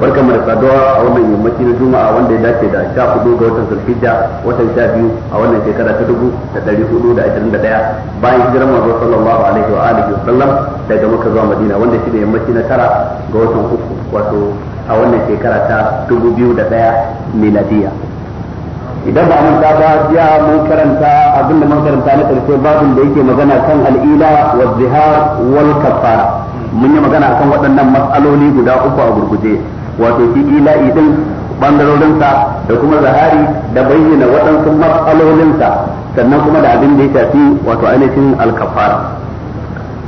barkan mu da saduwa a wannan yammaci na juma'a wanda ya dace da sha hudu ga watan zulhijja watan sha biyu a wannan shekara ta dubu da dari hudu da ashirin da daya bayan hijirar manzo sallallahu alaihi wa alihi wasallam daga maka zuwa madina wanda shi ne yammaci na tara ga watan uku wato a wannan shekara ta dubu biyu da daya miladiya idan ba mun ba ya mun karanta abin da mun karanta na karshe babin da yake magana kan al'ila wa zihar wal kafara mun yi magana akan waɗannan matsaloli guda uku a gurguje wato fi ila'i din bangarorinsa da kuma zahari da bayyana waɗansu matsalolinsa sannan kuma da abin da ya shafi wato ainihin alkafara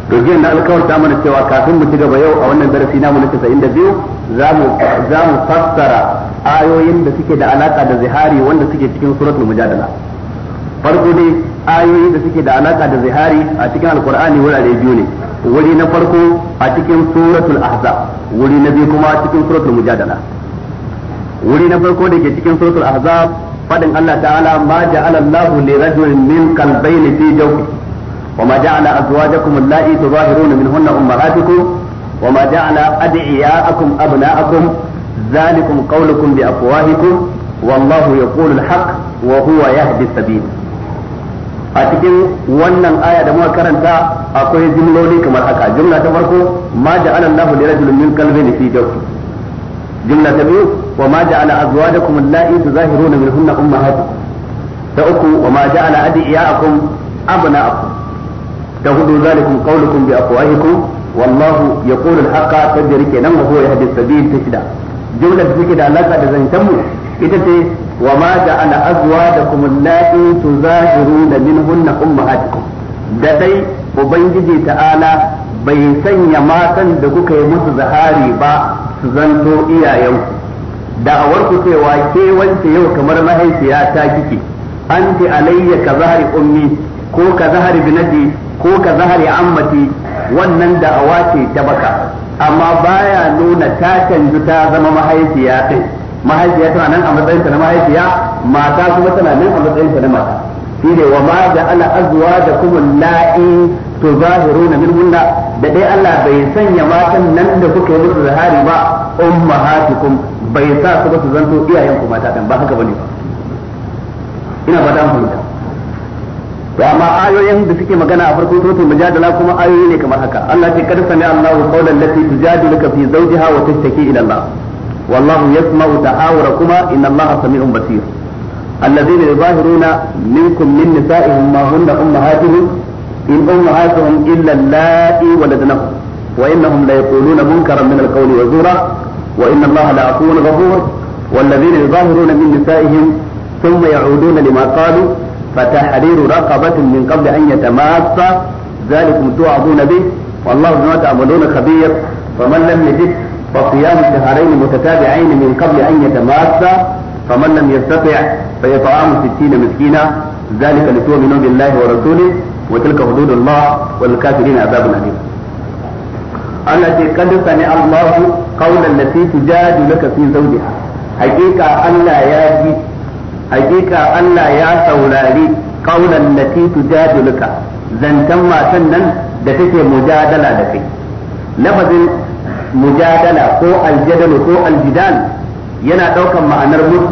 to jiya na alkawar ta mana cewa kafin mu ci gaba yau a wannan darasi namu na 92 za mu za mu fassara ayoyin da suke da alaka da zihari wanda suke cikin suratul mujadala farko dai ayoyi da suke da alaka da zihari a cikin alqur'ani wurare biyu ne wuri na farko a cikin suratul ahza wuri na biyu kuma a cikin suratul mujadala wuri na farko da ke cikin suratul ahza fadin Allah ta'ala ma ja'ala Allahu li rajulin min qalbayni fi jawfi wa ma ja'ala azwajakum allati tuzahiruna minhunna ummahatukum wa ma ja'ala ad'iya'akum abna'akum dhalikum qawlukum bi afwahikum wallahu yaqulu al-haqq wa huwa yahdi as a cikin wannan aya da muka karanta akwai jumloli kamar haka jumla ta farko ma ja'ala Allahu li rajulin min qalbin fi jawfi jumla ta biyu wa ma ja'ala azwajakum allati tuzahiruna minhunna ummahatukum ta uku wa ma ja'ala adiyakum abna'akum ta hudu zalikum qawlukum bi afwahikum wallahu yaqulu al-haqa tajri kenan wa huwa yahdi as-sabil ta shida jumla da take da alaka da zantan mu ita ce wa ma azwa da kuma tuzahiruna su zahiru da da dai ubangiji ta'ala bai sanya matan da kuka yi musu zahari ba su zanto iyayenku da'awar ku cewa ke wance yau kamar mahaifiya ta kike anti alayya ka zahari ummi ko ka zahari binati ko ka zahari ammati wannan da'awa ce ta baka amma baya nuna ta canju ta zama mahaifiya kai mahaifiya tana nan a matsayin ta na mahaifiya mata kuma tana nan a matsayin ta na mata shine wa ma ja'ala azwajakum la'i tuzahiruna minhunna da dai Allah bai sanya matan nan da kuka yi musu zahari ba ummahatukum bai sa su ba su zanto iyayen ku mata dan ba haka bane ba ina ba dan fahimta to amma ayoyin da suke magana a farkon suratul mujadala kuma ayoyi ne kamar haka Allah ce kada sami Allahu qawlan lati tujadiluka fi zawjiha wa tashtaki ila Allah والله يسمع تحاوركما إن الله سميع بصير الذين يظاهرون منكم من نسائهم ما هن أمهاتهم إن أمهاتهم إلا اللائي ولدنهم وإنهم ليقولون منكرا من القول وزورا وإن الله لعفو غفور والذين يظاهرون من نسائهم ثم يعودون لما قالوا فتحرير رقبة من قبل أن يتماسا ذلكم توعظون به والله بما تعملون خبير فمن لم يجد فصيام شهرين متتابعين من قبل أن يتماسا فمن لم يستطع فيطعام ستين مسكينا ذلك لتؤمنوا بالله ورسوله وتلك حدود الله والكافرين عذاب أليم التي قد سمع الله قول التي تجادلك في زوجها حقيقة ألا يجي حقيقة ألا يا سولاري قول التي تجادلك زنتم ما سنن da take mujadala da kai lafazin mujadala ko aljadalu ko aljidal yana daukan ma'anar mutu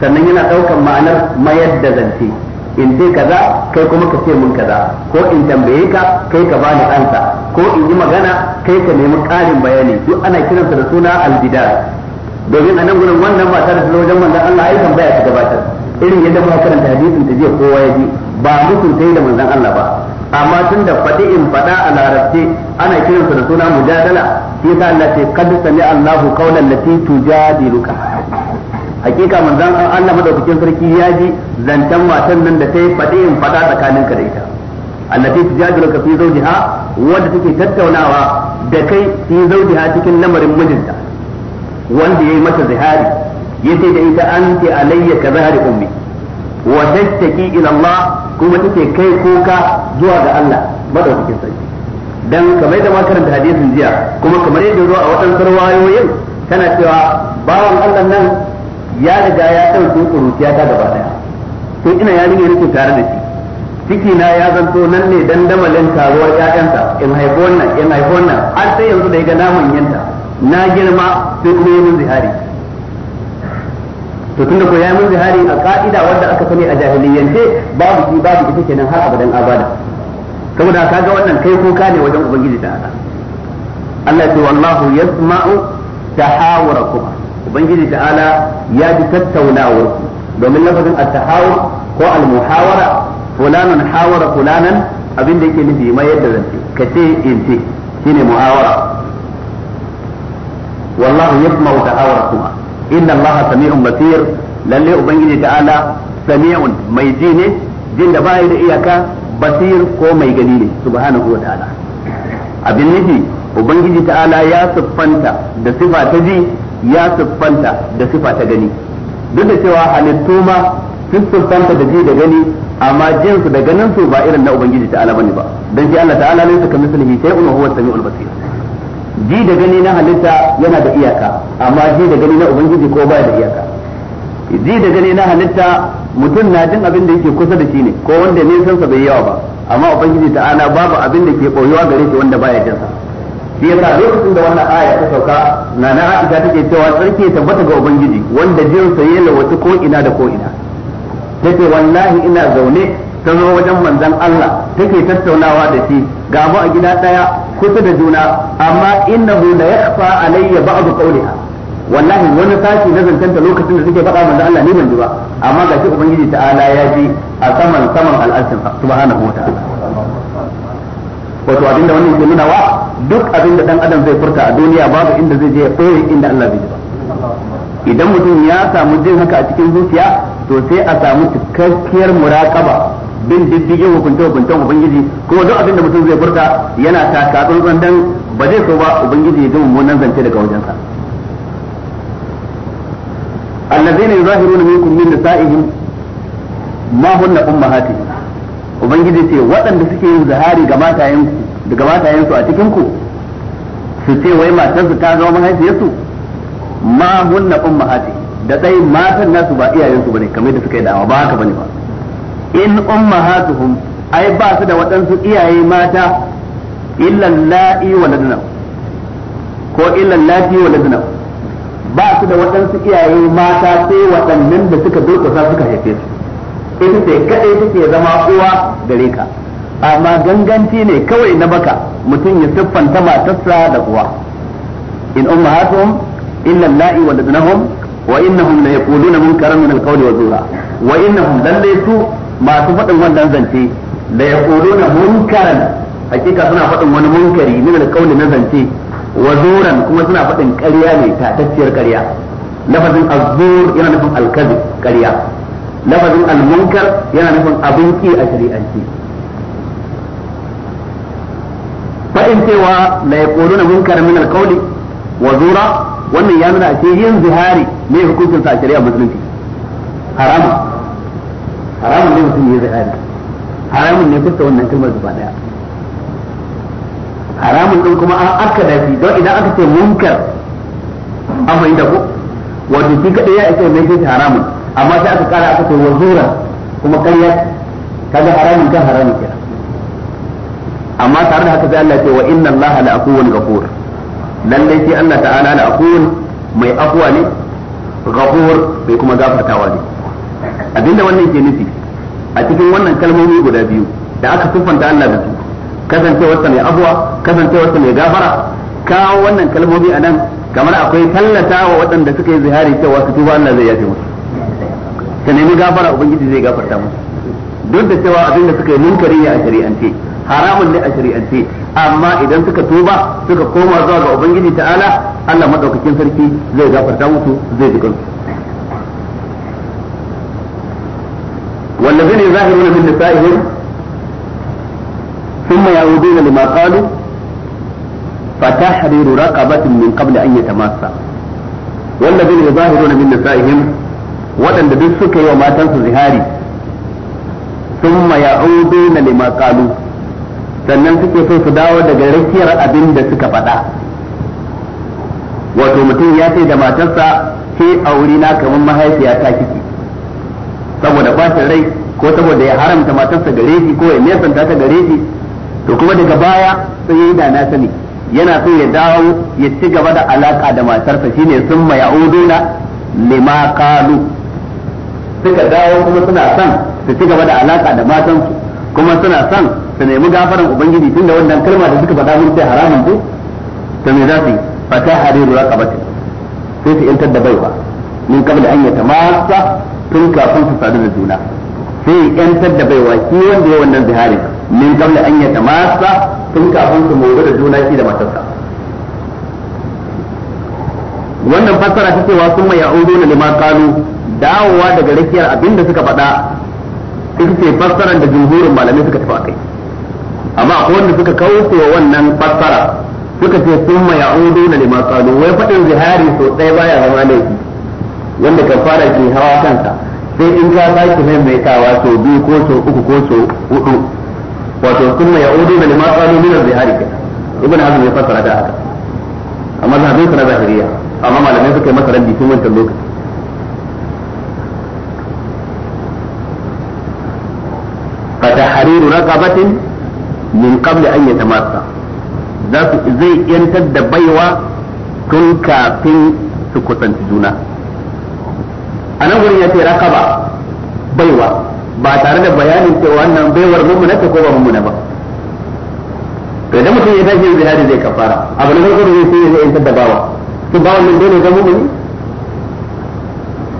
sannan yana daukan ma'anar mayar da zance in ce kaza kai kuma ka ce mun kaza ko in tambaye ka kai ka bani ansa ko in yi magana kai ka nemi karin bayani duk ana kiransa da suna aljidal domin a nan gurin wannan ba ta da wajen manzon Allah ai tambaya ta gabatar irin yadda muka karanta hadisin ta jiya kowa ya ji ba mutunta da manzon Allah ba amma tun da faɗi in faɗa a larabce ana kiransa da suna mujadala shi yasa Allah ce kad sami Allahu qawlan lati tujadiluka hakika manzon Allah madaukakin sarki ya ji zancen matan nan da ta yi in fada ka da ita allati tujadiluka fi zawjiha wanda take tattaunawa da kai fi zawjiha cikin lamarin mijinta wanda yayi mata zihari yace da ita anti alayya ka zahari ummi wa tashtaki ila Allah kuma take kai koka zuwa ga Allah madaukakin sarki dan kamar da makaranta hadisin jiya kuma kamar yadda zo a waɗansu rawayoyin tana cewa bawan Allah nan ya riga ya ɗauke ƙuruciya ta gaba ɗaya tun ina yarinya nake tare da shi ciki na ya zanto nan ne dandamalin taruwar ƴaƴansa in haifo wannan in haifo wannan har sai yanzu da ya ga naman yanta na girma sai kuma yi min zihari to tunda ko ya min zihari a ka'ida wanda aka sani a jahiliyyance babu shi babu ita kenan har abadan abada saboda ga wannan kai kuka ne wajen ubangiji ta ala Allah ce wallahu yasma'u tahawurakum ubangiji ta ala ya ji tattaunawar ku domin lafazin at-tahawur ko al-muhawara fulanan hawara fulanan abin da yake nufi mai yadda zance kace in ce shine muhawara wallahu yasma'u tahawurakuma inna allaha sami'un basir lalle ubangiji ta ala sami'un mai ji ne jin da baya da iyaka basir ko mai gani ne subhanahu wa ta'ala abin nufi ubangiji ta'ala ya siffanta da sifa ta ji ya siffanta da sifa ta gani duk da cewa halittu ma sun siffanta da ji da gani amma jinsu da ganin su ba irin na ubangiji ta'ala bane ba dan shi Allah ta'ala ne suka mislihi sai wa huwa samiul basir ji da gani na halitta yana da iyaka amma ji da gani na ubangiji ko ba da iyaka ji da gani na halitta mutum na jin abin da yake kusa da shi ne ko wanda ne san sa bai yawa ba amma ubangiji ta'ala babu abin da ke koyuwa gare shi wanda baya jin sa shi yasa lokacin da wannan aya ta sauka na na Aisha take cewa sarki tabbata ga ubangiji wanda jin sa ya wata ko ina da ko ina take wallahi ina zaune ta zo wajen manzon Allah take tattaunawa da shi ga mu a gida daya kusa da juna amma innahu la yakhfa alayya ba'd qawliha wallahi wani sashi na zantanta lokacin da suke faɗa manzo Allah ne ban ji ba amma shi ubangiji ta'ala ya ji a saman saman al'arsin subhanahu wa ta'ala wato abinda wannan ke nuna wa duk abinda dan adam zai furta a duniya babu inda zai je ya koyi inda Allah zai ji ba idan mutum ya samu jin haka a cikin zuciya to sai a samu cikakkiyar muraƙaba bin diddigin hukunta hukuncen ubangiji kuma duk abin da mutum zai furta yana taka tsantsan dan ba zai so ba ubangiji ya ji mummunan zance daga wajensa allazina yuzahiruna minkum min nisa'ihim ma hunna ummahatuhum ubangiji ce waɗanda suke yin zahari ga matayensu daga matayensu a cikin ku su ce wai matarsu ta zama mahaifiyarsu ma hunna ummahatuhum da dai matan nasu ba iyayensu bane kamar da suka yi da'awa ba haka bane ba in ummahatuhum ai ba su da waɗansu iyaye mata illa la'i waladna ko illa lati waladna ba su da waɗansu iyaye mata sai waɗannan da suka durƙusa suka haife su ita ce kaɗai take zama uwa gare ka amma ganganci ne kawai na baka mutum ya siffanta matarsa da uwa in ummahatuhum illa allahi waladnahum wa innahum la yaquluna munkaran min alqawli wa zura wa innahum lalle su masu faɗin wannan zance la yaquluna munkaran hakika suna faɗin wani munkari min alqawli na zance wazuran kuma suna faɗin ƙarya ne tatacciyar ƙarya lafazin azur yana nufin alkazib ƙarya lafazin almunkar yana nufin abin ki a shari'anci faɗin cewa la yaquluna munkar min alqawli wazura wannan ya nuna ce yin zihari ne hukuncin sa a shari'a musulunci harama haramun ne mutum ya zihari haramun ne kusa wannan kalmar gaba daya haramun din kuma an aka dafi don idan aka ce munkar an fahimta ko wato shi kadai ya isa mai shi haramun amma sai aka kara aka ce wazura kuma ta kaga haramun kan haramun kira amma tare da haka sai Allah ya ce wa inna Allah la aquwwun ghafur lalle sai Allah ta'ala la aquwwun mai afwa ne ghafur bai kuma gafartawa ne abinda wannan ke nufi a cikin wannan kalmomi guda biyu da aka siffanta Allah da su kasancewar sa mai afwa su mai gafara kawo wannan kalmomi a nan kamar akwai tallata wa waɗanda suka yi zihari cewa su tuba Allah zai yafe musu ka nemi gafara ubangiji zai gafarta musu duk da cewa abin da suka yi munkari ne a shari'ance haramun ne a shari'ance amma idan suka tuba suka koma zuwa ga ubangiji ta'ala Allah madaukakin sarki zai gafarta musu zai ji kansu والذين يظاهرون من نسائهم ثم يعودون لما قالوا فتحرير رقبة من قبل أن يتماسا والذين يظاهرون من نسائهم وأن بسك وما تنسوا زهاري ثم يعودون لما قالوا sannan suke so su dawo daga rakiyar abin da suka faɗa wato mutum ya ce da matarsa ke auri na kamar mahaifiya ta kiki saboda bacin rai ko saboda ya haramta matarsa gare shi ko ya nesanta ta gare shi to kuma daga baya sai ya yi da na sani yana so ya dawo ya ci gaba da alaka da matarsa shine sun ma ya'uduna lima qalu suka dawo kuma suna son su ci gaba da alaka da matansu kuma suna son su nemi gafaran ubangiji tunda wannan kalma da suka faɗa mun sai haramun ko to me za su yi fata hariru raqabati sai su yantar da baiwa min qabla an yatamassa tun kafin su sadu da juna sai yantar da baiwa shi wanda ya wannan ziharin min qabla an yatamassa tun kafin su mogu da juna shi da matarsa wannan fassara ta cewa sun mai ya'udu na lima kalu dawowa daga rakiyar abinda suka faɗa ita ce fassaran da jumhurin malamai suka tafi kai amma akwai wanda suka kawo wa wannan fassara suka ce sun mai ya'udu na lima kalu wai faɗin zihari sosai baya zama laifi wanda kan fara ke hawa kansa sai in ka sake maimaitawa sau biyu ko sau uku ko sau hudu wato kuma ya udu da lima qalu min az-zihari kenan ibn hazm ya fassara da haka amma da sa na zahiriya amma malamai suka yi masa rabbi tun wancan lokaci فتحرير رقبة من قبل أن يتماسى zai yantar da baiwa tun kafin su kusanci juna a nan wurin ya ce raqaba baiwa ba tare da bayanin cewa wannan baiwar mummuna ta ko ba ne ba to idan mutum ya tashi jihadi zai kafara abin na farko da zai sai zai yantar da bawa to bawa nan dole ga ne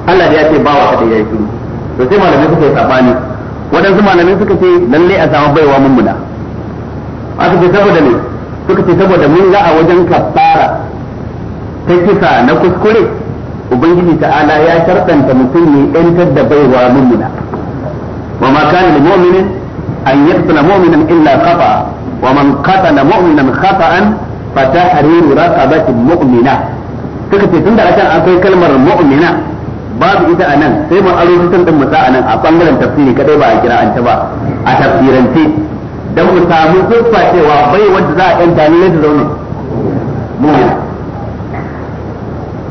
Allah ya ce bawa kada yayi shiru to sai malamai suka yi sabani waɗansu malamai suka ce lalle a samu baiwa mummuna aka ce saboda ne suka ce saboda mun ga a wajen kafara ta kisa na kuskure ubangiji ta'ala ya sharɗanta mutum ne yantar da baiwa mummuna وما كان لمؤمن أن يقتل مؤمنا إلا خطأ ومن قتل مؤمنا خطأ فتحرير رقبة مؤمنة suka ce tun da akan akwai kalmar mu'mina babu ita a nan sai mun aro fitan din musa a nan a bangaren tafsiri kadai ba a kira'anta ba a tafsirance dan mu samu siffa cewa bai wanda za a yanta ne da zaune mu'mina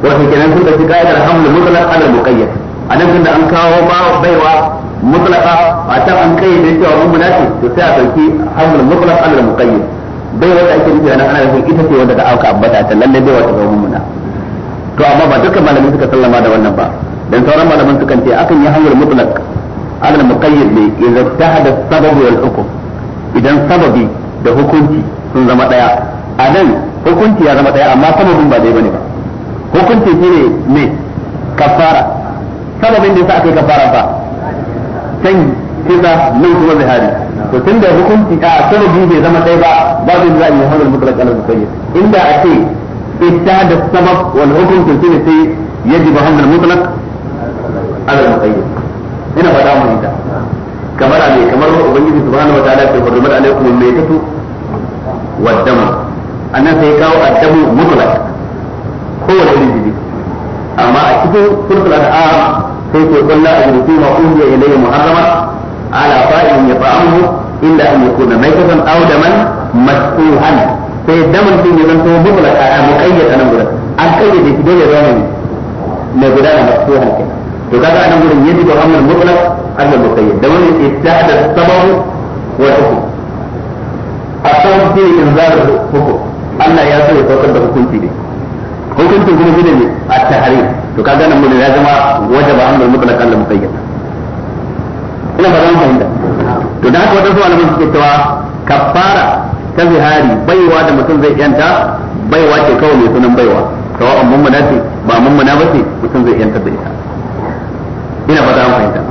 wato kenan sun da shi ka'idar hamlu mutlaq ala muqayyad a nan tunda an kawo baiwa mutlaka a can an kai da cewa mun ce to sai a dauki hamul mutlaq al muqayyad bai wata ake nufi nan ana nufin ita ce wanda da aka ambata ta lalle bai wata ga muna to amma ba dukkan malamai suka sallama da wannan ba dan sauran malaman sukan ce akan yi hamul mutlaq al muqayyad ne idan tahada sababu wal hukm idan sababi da hukunci sun zama daya a nan hukunci ya zama daya amma sababin ba dai bane ba hukunci shine ne kafara sababin da yasa aka yi kafara ba san kisa nan kuma zihari to tun tunda hukunci a sababi bai zama ɗaya ba babu za a yi hamar mutlaq ala muqayyad inda a ce ita da sabab wani wal hukum to sai sai yajibu hamar mutlaq ala muqayyad ina faɗa mu ita kamar ne kamar ubangiji subhanahu wataala ya hurmat alaikum al-maytatu wad-damu annan sai kawo addamu mutlaq kowace rijiji amma a cikin surtul al'am sai ce kullu ajrutu ma unziya ilayhi muharrama ala fa'in yata'amu illa an yakuna maitatan aw daman masfuhan sai daman din ya zanto mutlaka a muqayyada nan gurin an kayyade shi dole ya zama mai gudana masfuhan kenan to kaga anan gurin yaji ba amrul mutlaq al muqayyad da wani istihada sabab wa hukm a sabab sai in zarar hukm Allah ya so ya saukar da hukunci ne hukuncin kuma shi ne a tahari to kaga nan mun ya zama wajaba an mulmu talakan da mukayyada ina ba zan fahimta to da haka wadansu malaman suke cewa kafara ta zihari baiwa da mutum zai yanta baiwa ce kawai mai sunan baiwa an mummuna ce ba mummuna ba ce mutum zai yanta da ita ina ba zan fahimta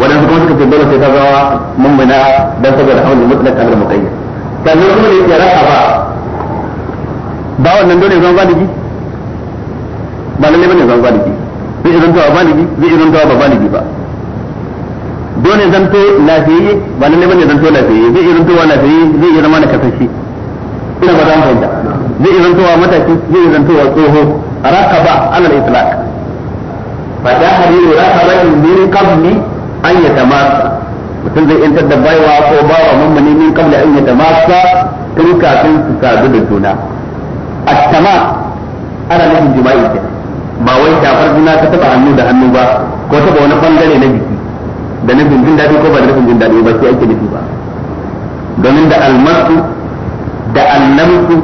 wadansu kuma suka ce dole sai ta zama mummuna dan saboda hawan mutlakan da mukayyada sannan kuma da ya raka ba ba wannan dole zan ba da ba lalle bane zama baligi zai iya zantowa baligi zai iya zantowa ba baligi ba dole zanto lafiyayye ba lalle bane zanto lafiyayye zai iya zantowa lafiyayye zai iya zama na kasashe ina ba zan fahimta zai iya zantowa matashi zai iya zantowa tsoho ba alal itlaq fa da hariru raqabatin min qabli an yatamassa mutum zai yantar da baiwa ko ba wa mummuni min kabla an yi tamasa tun kafin su sadu da juna a tama ana nufin jima'i kenan ba wai shafar juna ta taba hannu da hannu ba ko ba wani bangare na jiki da na jin daɗi ko ba da nufin jin daɗi ba sai ake nufi ba domin da almasu da annamsu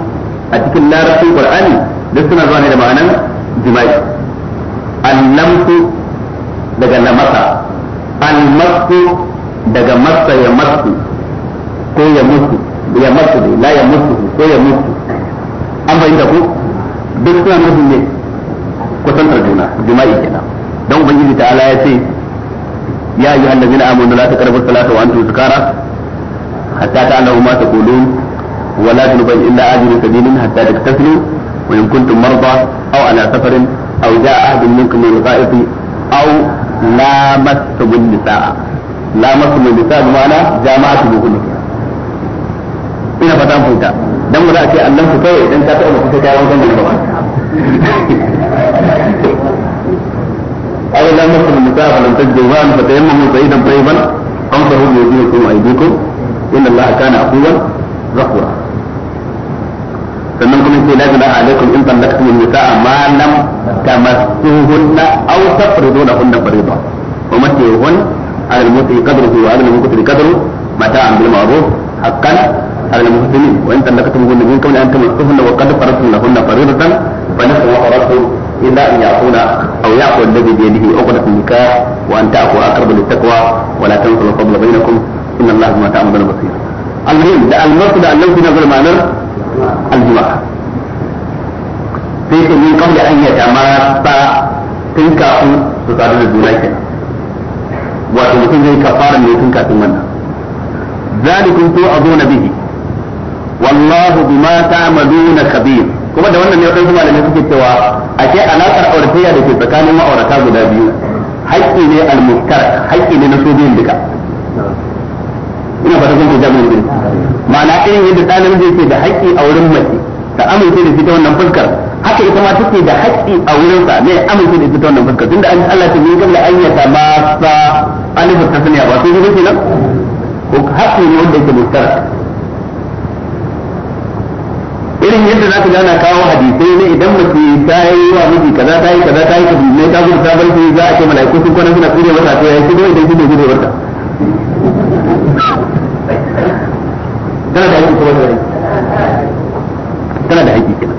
a cikin larabcin qur'ani duk suna zuwa ne da ma'anan jima'i annamsu daga lamasa almasu daga masa ya masu ko ya mutu ya masu la ya mutu ko ya mutu an bayyana ku duk suna nufin ne kusantar juna jima'i kenan don ubangiji ala ya ce ya ayyuha allazina da la taqrabu salata wa antum sukara hatta ta ta'lamu ta taqulun wa la ban illa ajiyar sabinin hatta da wa in kuntum marba aw ala safarin aw ja ahadun minkum min al-ghaib aw lamastumun nisaa lamastumun nisaa bima'ana jama'atuhunna ina fata mun ta dan mu za a ce Allah ku kai idan ka ta ku kai wankan da ba أو لا مسلم النساء فلم تجدوا ماء فتيمموا سعيدا طيبا فامسحوا بوجوهكم وأيديكم إن الله كان عفوا غفورا sannan kuma sai la jinaha alaikum in tallaqtum an-nisaa ma lam tamassuhunna aw tafridunahunna fariida wa matihun ala al-muti qadruhu wa ala al-muqtir qadruhu mata'an bil ma'ruf haqqan على المسلمين وان طلقتموهن من قبل ان تمسوهن وقد فرضتم لهن فريضه إلا أن يعفون أو يعفو الذي بيده عقدة النكاح وأن تعفو أقرب للتقوى ولا تنسوا الفضل بينكم إن الله بما تعملون بصير المهم ده المقصد الذي نظر معنى الجماعة sai min kabla an ya tamara ta tun kafin su sadu da juna kenan wato mutum zai kafara ne tun kafin zalikum bihi wallahu bima ta'maluna kabir kuma da wannan ne wadansu malamai suke cewa ake alaƙar auratayya da ke tsakanin ma'aurata guda biyu haƙƙi ne al haƙƙi ne na su duka ina fata kun jami'in mun ma'ana irin yadda ɗan namiji yake da haƙƙi a wurin mace ta amince da shi ta wannan fuskar haka ita ma take da haƙƙi a wurin sa ne amince da shi ta wannan fuskar tunda Allah ta yi kabla an yata ma sa alifu tasniya ba sai ne nan ko haƙƙi ne wanda yake muskar irin yadda za ka gana kawo hadisai ne idan mace ta yi wa miji kaza ta yi kaza ta yi kaza ne ta gudu ta bar za a ce mala'iku sun kwana suna tsire mata to ya yi idan shi ne gudu wata tana da aiki kuma da rai tana da aiki kenan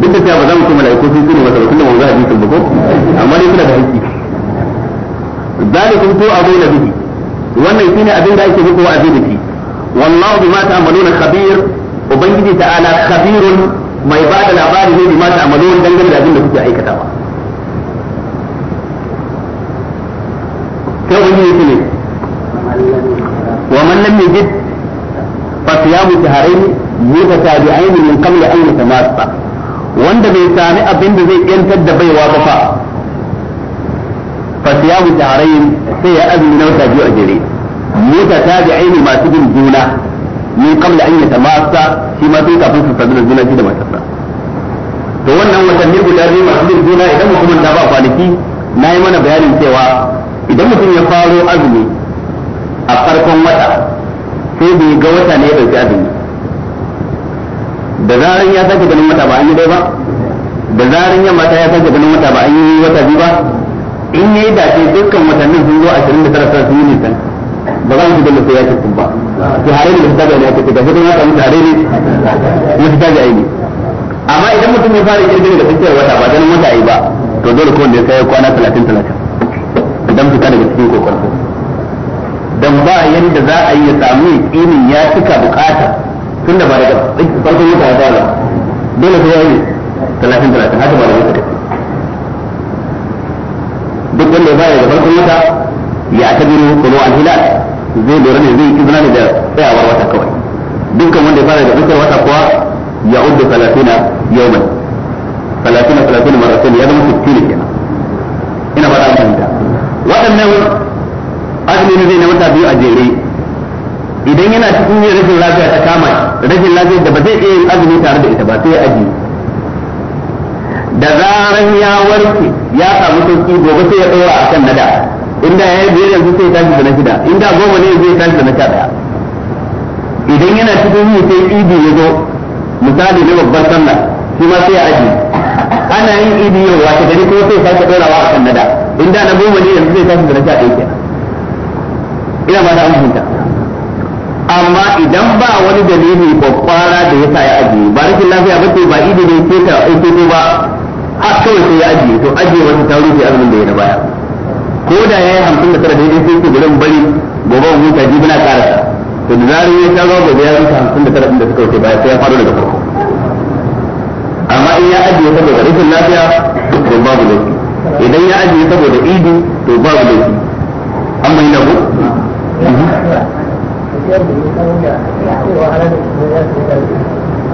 duk da cewa ba za mu ce mala'iku sun tsire mata ba tunda ba za a ji sun bako amma dai tana da aiki zalikum a abuna bihi wannan shine abin da ake muku a da shi والله بما تعملون خبير وبنجي تعالى خبير ما يبعد الأعمال بما تعملون دنجا لازم نكتب أي كتابة ومن لم يجد فصيام شهرين متتابعين من قبل أن يتماسى وان ده بيسامع بند زي كان تد فصيام شهرين سيأذن نوتا جوع جريد mutatabi'aini masu bin juna min qabla an yatamassa shi ma sun kafin su sadu da juna shi da matasa, to wannan watanni guda biyu masu bin juna idan mutumin da ba kwanaki na yi mana bayanin cewa idan mutum ya faro azumi a farkon wata sai bai ga wata ne ya dauki azumi da zaran ya sake ganin wata ba an yi dai ba da zaran ya mata ya sake ganin wata ba an yi wata biyu ba in yi dace dukkan watannin sun zo 29 sun da ya tafi ba ki hare ne da ya tafi da kuma ya tare ne ya ta ga amma idan mutum ya fara kirgin da tsakiyar wata ba ganin wata yi ba to dole kowanne sai ya kwana 30 30 idan fita daga cikin kokarsa dan ba yadda za a yi ya samu ya cika bukata da ba daga farkon wata ya fara dole sai ya yi 30 30 haka ba da wata duk wanda ya fara da farkon wata ya ta biro kulo al hilal zai lura ne zai yi zinari da tsayawar wata kawai dukkan wanda ya fara da tsakiyar wata kuwa ya uddu talatina mai talatina talatina marasin ya zama sittin kenan ina ba da da waɗannan azumi zai na wata biyu a jere idan yana cikin yin rashin lafiya ta kama rashin lafiya da ba zai iya yin azumi tare da ita ba sai ya ajiye da zaran ya warke ya samu sauki gobe sai ya ɗora a kan nada inda ya yi biyar yanzu sai ya tashi da na shida inda goma ne zai tashi da na sha daya idan yana cikin yi sai idi ya zo misali na babbar sallah shi ma sai ya aji ana yin idi yau wata gari ko sai sake dorawa a kan nada inda na goma ne yanzu sai tashi da na sha daya kenan ina ma ta amfinta amma idan ba wani dalili babbara da ya sa ya aji ba rikin lafiya ba ce ba idi ne ke ta aiki ba har kawai sai ya ajiye to ajiye wata ta rufe azumin da ya na baya ko da ya yi hamsin da tara daidai sai ku gurin bari gobe mu huta jibi na karasa to da zarar ya sha gobe ya rusa hamsin da tara da suka wuce baya sai ya faru daga farko amma in ya ajiye saboda rashin lafiya to babu laifi idan ya ajiye saboda idu, to babu laifi an mai lagu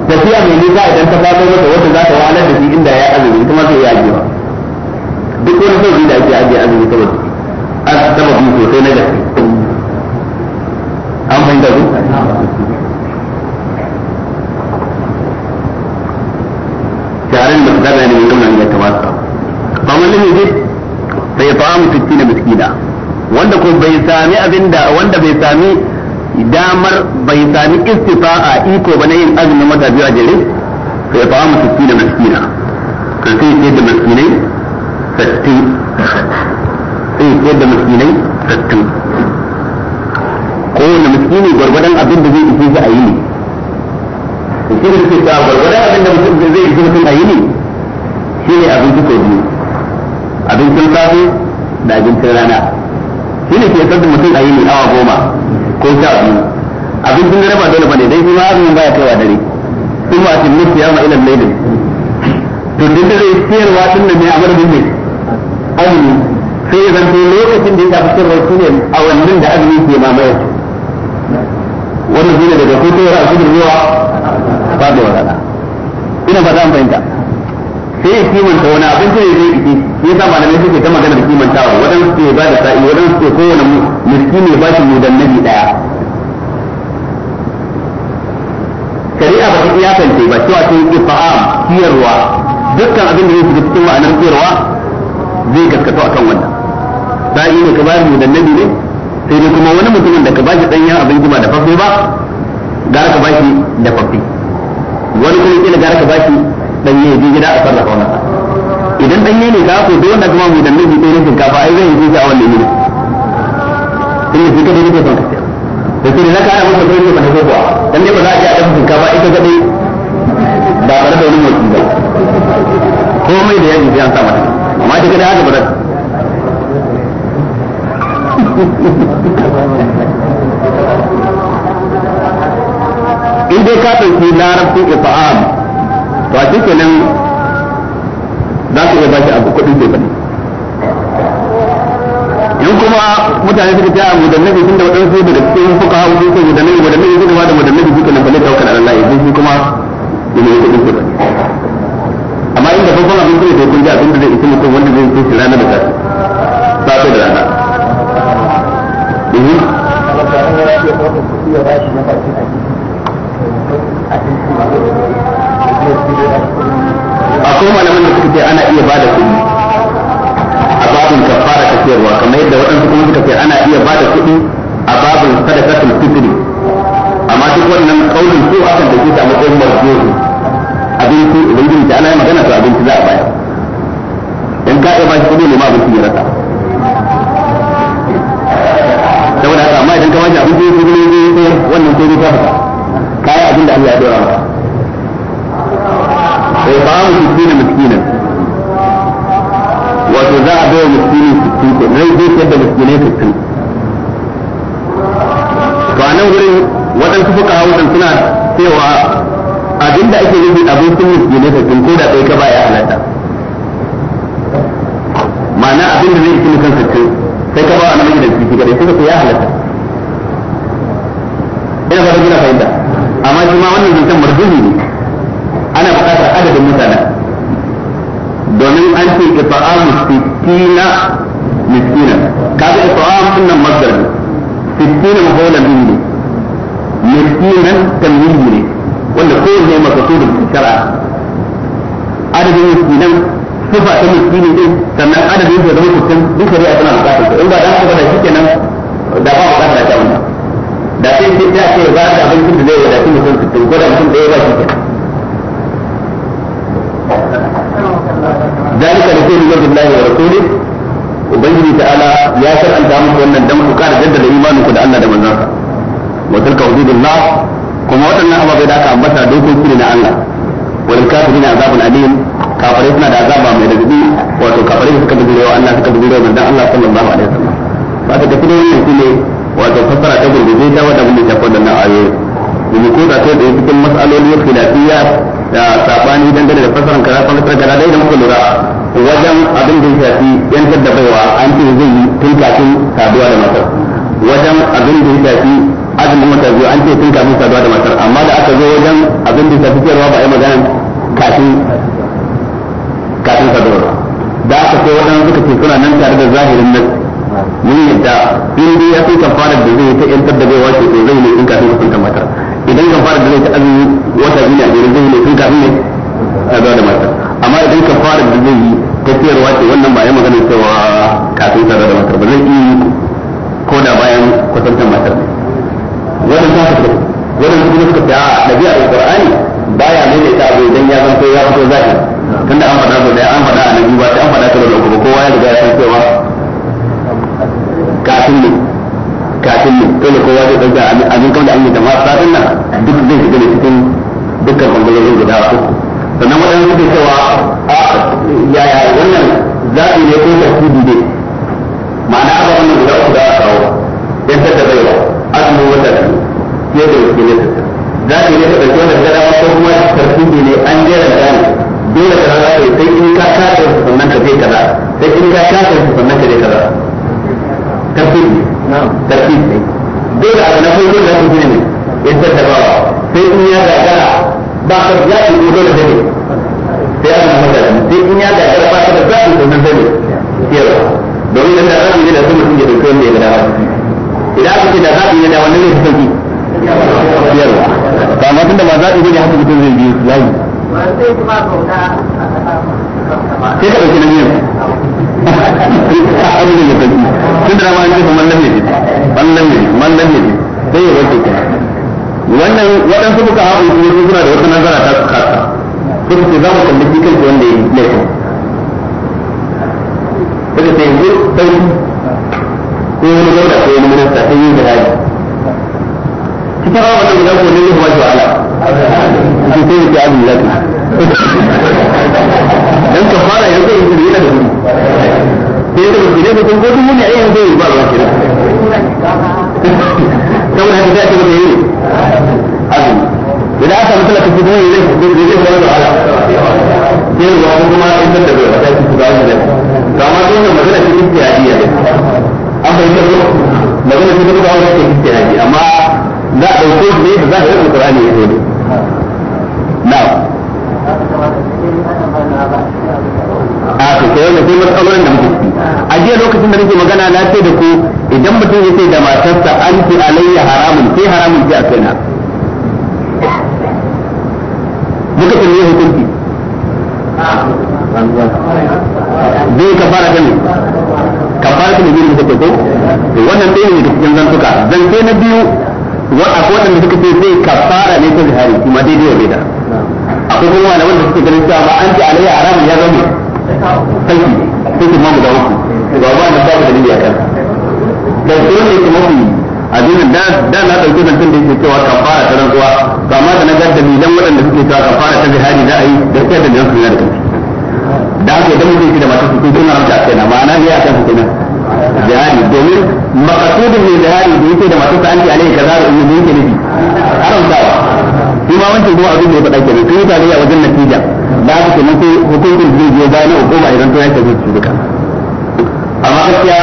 tafiya mai nisa idan ta fado masa wata za ta wahalar da shi inda ya azumi kuma sai ya ajiye ba duk wani sauki da ake ajiye azumi saboda a sama biyu sosai na gaske an fahimta ku tarin da daga ne mun nan ya tawassa fa man lam yajid fa yat'amu 60 miskina wanda ko bai sami abinda wanda bai sami damar bai sami istifa'a iko ba na yin azumin mata biyu a jere fa yat'amu 60 miskina kan sai ce da miskinai sittin sai eh, ciyar da miskinai sittin kowane miskini gwargwadon abin da zai ishe shi a yi ne shi da suke cewa gwargwadon abin da zai ishe mutum a yi ne shi ne abinci ko biyu abincin safe da abincin rana shi ne ke sassan mutum a yi ne awa goma ko sha biyu abincin dare ba dole ba ne dai shi ma azumin baya kaiwa dare sun ba a cin nufi yamma ilan lailin to duk da zai ciyarwa tun da ne a madadin ne azumi sai ya zanto lokacin da ya tafi sirrar ne a wannan da azumi ke mamaye su wannan shi ne daga kotowar asibir zuwa wa rana ina ba za mu fahimta sai ya kimanta wani abinci ne zai iki ya sa malamai suke ta magana da kimantawa waɗansu ke ba da sa'i waɗansu ke kowane ne ba shi nabi ɗaya shari'a ba ta iyakance ba cewa ta yi ifa'am kiyarwa dukkan abin da zai shiga cikin ma'anar kiyarwa. zai gaskato akan wannan yi ne ka bayar mu dan nabi ne sai dai kuma wani mutumin da ka bashi danyen abin jima da fafi ba gara ka bashi da fafi wani kuma kila gara ka bashi danye je gida a sarrafa masa idan danye ne ka ko don wanda kuma mu dan nabi ɗaya ne shinkafa ai zai yi shi a wannan ne in ne kika da kike son ka da ke zaka ana masa dole ba ko kuwa dan ne ba za a ji a dafa shinkafa ita kadai ba tare da wani mutum ba komai da yaji sai an sa mata amma ta kada haka ba in dai ka ɗauki larabcin ifa'am to a shi kenan za su iya ba shi abu kuɗin bai bane in kuma mutane suka ce a mudannabi tunda waɗansu da cikin fuka hau mudannabi mudannabi suka ba da mudannabi suka nan bane tawakkal Allah ya zai kuma ya ne kuɗin bai haka farkon abin kuma sai kun ji abin da zai isa mutum wanda zai rana da safe da rana mhm. akwai malaman ana iya ba da a babin kafara ta kamar yadda waɗansu ana iya ba da kuɗi a babin sadakatul fitri amma duk wannan kaunin ko akan da ke samu ɗan marjoji abinci za a bayar in ka iya bashi kuɗi ne ma abinci ya rasa saboda haka amma idan ka bashi abinci ya kuɗi ne zai wannan sai zai tafi kaya abin da Allah ya dora maka sai eh, ba mu miskina miskina wato za a bai wa miskini sittin ko rai zai sayar da miskinai sittin to a nan wurin waɗansu fuka hawa suna cewa abinda ake nufi abincin miskinai sakin ko da ɗaya ka baya halatta ma'ana abinda zai ci mutan sakin sai ka ba wa namiji da ciki kadai sai ya halatta ina ba da gina fahimta amma shi ma wannan zancen marjuhi ne ana buƙatar adadin mutane domin an ce ifa'amu sittina miskina kaga ifa'amu sunan masdar ne sittina mahaulan ne miskinan tamhili ne wanda ko ne kowanne makasudin shari'a adadin miskinan sufa ta miskini din sannan adadin da zama kusan duk shari'a tana da ta in ba dan ka da shikenan da ba ka da wannan da sai sai ta ce ba da abin da zai wadaci mutum sittin ko da mutum ɗaya ba shikenan ذلك لكل يد الله ورسوله ubangiji ta'ala ya shar'anta muku wannan dan ku kara jaddada imanin ku da Allah da manzon sa wa tilka hududullah kuma waɗannan ababai da aka ambata dokoki ne na Allah wal kafirin azabin alim kafirai suna da azaba mai daɗi wato kafirai da suka bijire wa Allah suka bijire wa manzon Allah sallallahu alaihi wasallam ba ta tafi da wannan ne wato fassara ta zai ta wanda mun ta kwanda na ayoyi domin ko da ta da cikin mas'aloli filafiya da sabani dangane da fassaran kaza fassaran kaza dai da muka lura wajen abin da ya shafi yantar da baiwa an ce zai yi tun kafin saduwa da matar wajen abin da ya shafi azumin wata biyu an ce tun kafin saduwa da matar amma da aka zo wajen abin da ta fitarwa ba a yi magana kafin kafin saduwa da aka ce wajen suka ce suna nan tare da zahirin nan mun yadda in dai ya fi kafara da zai ta yantar da bai wace to zai ne tun kafin ta matar idan kafara da zai ta azumi wata biyu ne a zai ne tun kafin ne saduwa da matar amma idan kafara da zai yi ta ciyarwa ce wannan ba a yi magana cewa kafin saduwa da matar ba zai yi ko da bayan kusantar matar ne wannan ta fito wannan kuma suka fi a dabi'a alqur'ani baya mai da abu idan ya zanto ya fito zaki tunda an faɗa so an faɗa a nabi ba sai an faɗa ta da uku kowa ya riga ya san cewa kafin ne kafin ne dole kowa zai dauka abin kawai da an yi da masu satin nan duk zai shiga da cikin dukkan bangarorin guda uku sannan waɗansu suke cewa a yaya wannan zaɓi ne ko tartibi ne ma'ana ba wannan guda uku za a kawo yantar da azumin wata biyu fiye da wasu ne za ka yi ta ɗauki wannan gadawa ko kuma tartibi ne an jera da ne dole ka rana kai sai in ka kasa su sannan ka je kaza sai in ka kasa su sannan ka je kaza tartibi tartibi ne dole abu na farko da kuma ne ya ba. sai in ya gagara ba ka ya yi ko dole ne. sai an mata da sai in ya gagara ba ka da zaɓi sannan sai ne domin da ta zaɓi ne da su mutum ya ɗauki wanda ya gada ba idan aka ce da zaɓi ne da wannan zai fi sauki siyarwa ba ma tunda ba zaɓi ne haka mutum zai biyu yayi sai ka ɗauki namiyar abin da ya sauki tunda na ma an jefa mallam ne mallam ne mallam ne sai ya warke kenan wannan waɗansu muka haɗu ne suna da wata nazara ta su kasa suka ce za mu kalli shi kanki wanda ya yi laifin ka ce yanzu sauki ko wani gwamna ko wani minista sai yin jihadi cikin rawa wannan guda ko ne ne kuma ala an sai yake abin lafi dan ka fara yanzu in kuri yana da wuri sai da mutum ne mutum ko dubu ne a yin zai ba ruwa kenan saboda haka sai a ce mutum yi abin idan aka mutum da kuma yi ne zai zai wani ala sai ruwa kuma in da bai wata shi su ba shi da kama dole magana cikin tiyariya ne an bai da ruwa magana ce da wani ke kike yaji amma za a dauko ne da za a yi Qur'ani ya dole na'am a to sai ne kuma matsalolin da muke a jiya lokacin da nake magana na ce da ku idan mutum ya ce da matarsa an fi alayya haramun sai haramun ji a kaina muka tambaye hukunci zai ka fara gani kafaratu ne biyu take ko wannan dai ne da cikin zantuka zance na biyu wa akwai da suka ce zai kafara ne ta zihari kuma daidai wa daida akwai kuma malaman da suke ganin cewa an ce alayya haramun ya zama sai sai kuma mu da uku ga ba da babu dalili a kan da sai ne kuma mu abin da da na dauke da tun da yake cewa kafara ta rantsuwa ba ma da na ga dalilan waɗanda suke cewa kafara ta zihari za a yi da kai da jinsu na da kai da aka idan mutum shi da masu hukun suna ramta a kaina ma'ana ne a kan hukunan jihari domin makasudin ne jihari da yake da masu sa an ce alai kaza da umu yake nufi haramtawa shi ma wancan kuma abin da ya faɗa kenan sun yi a wajen natija da aka kenan sai hukuncin zai biyo bayan hukuma idan to ya shafi su duka amma gaskiya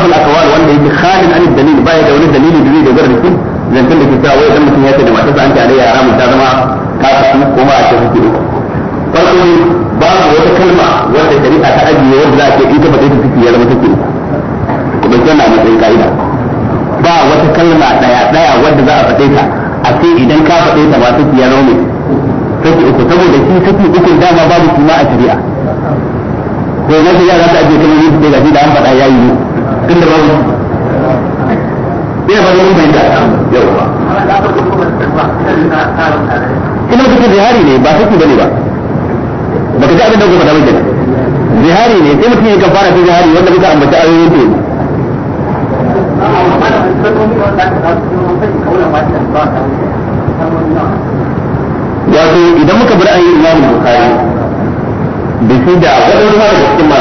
abu akawal wanda yake halin an dalil baya da wani dalili da zai dogara da shi zancen da ke cewa wai idan mutum ya ce da matarsa an ce alai haramun ta zama kafin kuma a ce hukun farko babu wata kalma wanda shari'a ta ajiye wanda za a ce in ka faɗe ta ciki ya zama take ku bai sanna matsayin ka'ida ba wata kalma daya daya wanda za a faɗe ta a ce idan ka faɗe ta ba take ya zama take uku saboda shi take uku dama babu kima a shari'a to na shari'a za ta ajiye kalmomi su ga shi da an faɗa ya yi tunda babu ina ba zama mai da yau ba ina kuka zihari ne ba take bane ba baka ji abin da kuma tabbata zihari ne sai mutum ya fara, ta zihari wanda bisa ambata ayoyin to wato idan muka bar ayoyin imamu bukari da shi da wadannan ma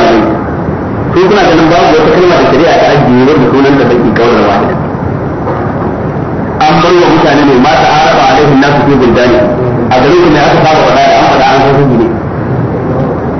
daga cikin malamai su suna ganin babu wata kalma da shari'a ta ajiye wanda sunan da baki kaunar wahida an bar wa mutane ne mata araba alaihim nasu fi buldani a garin ne aka saba wadaya an faɗa an san su ne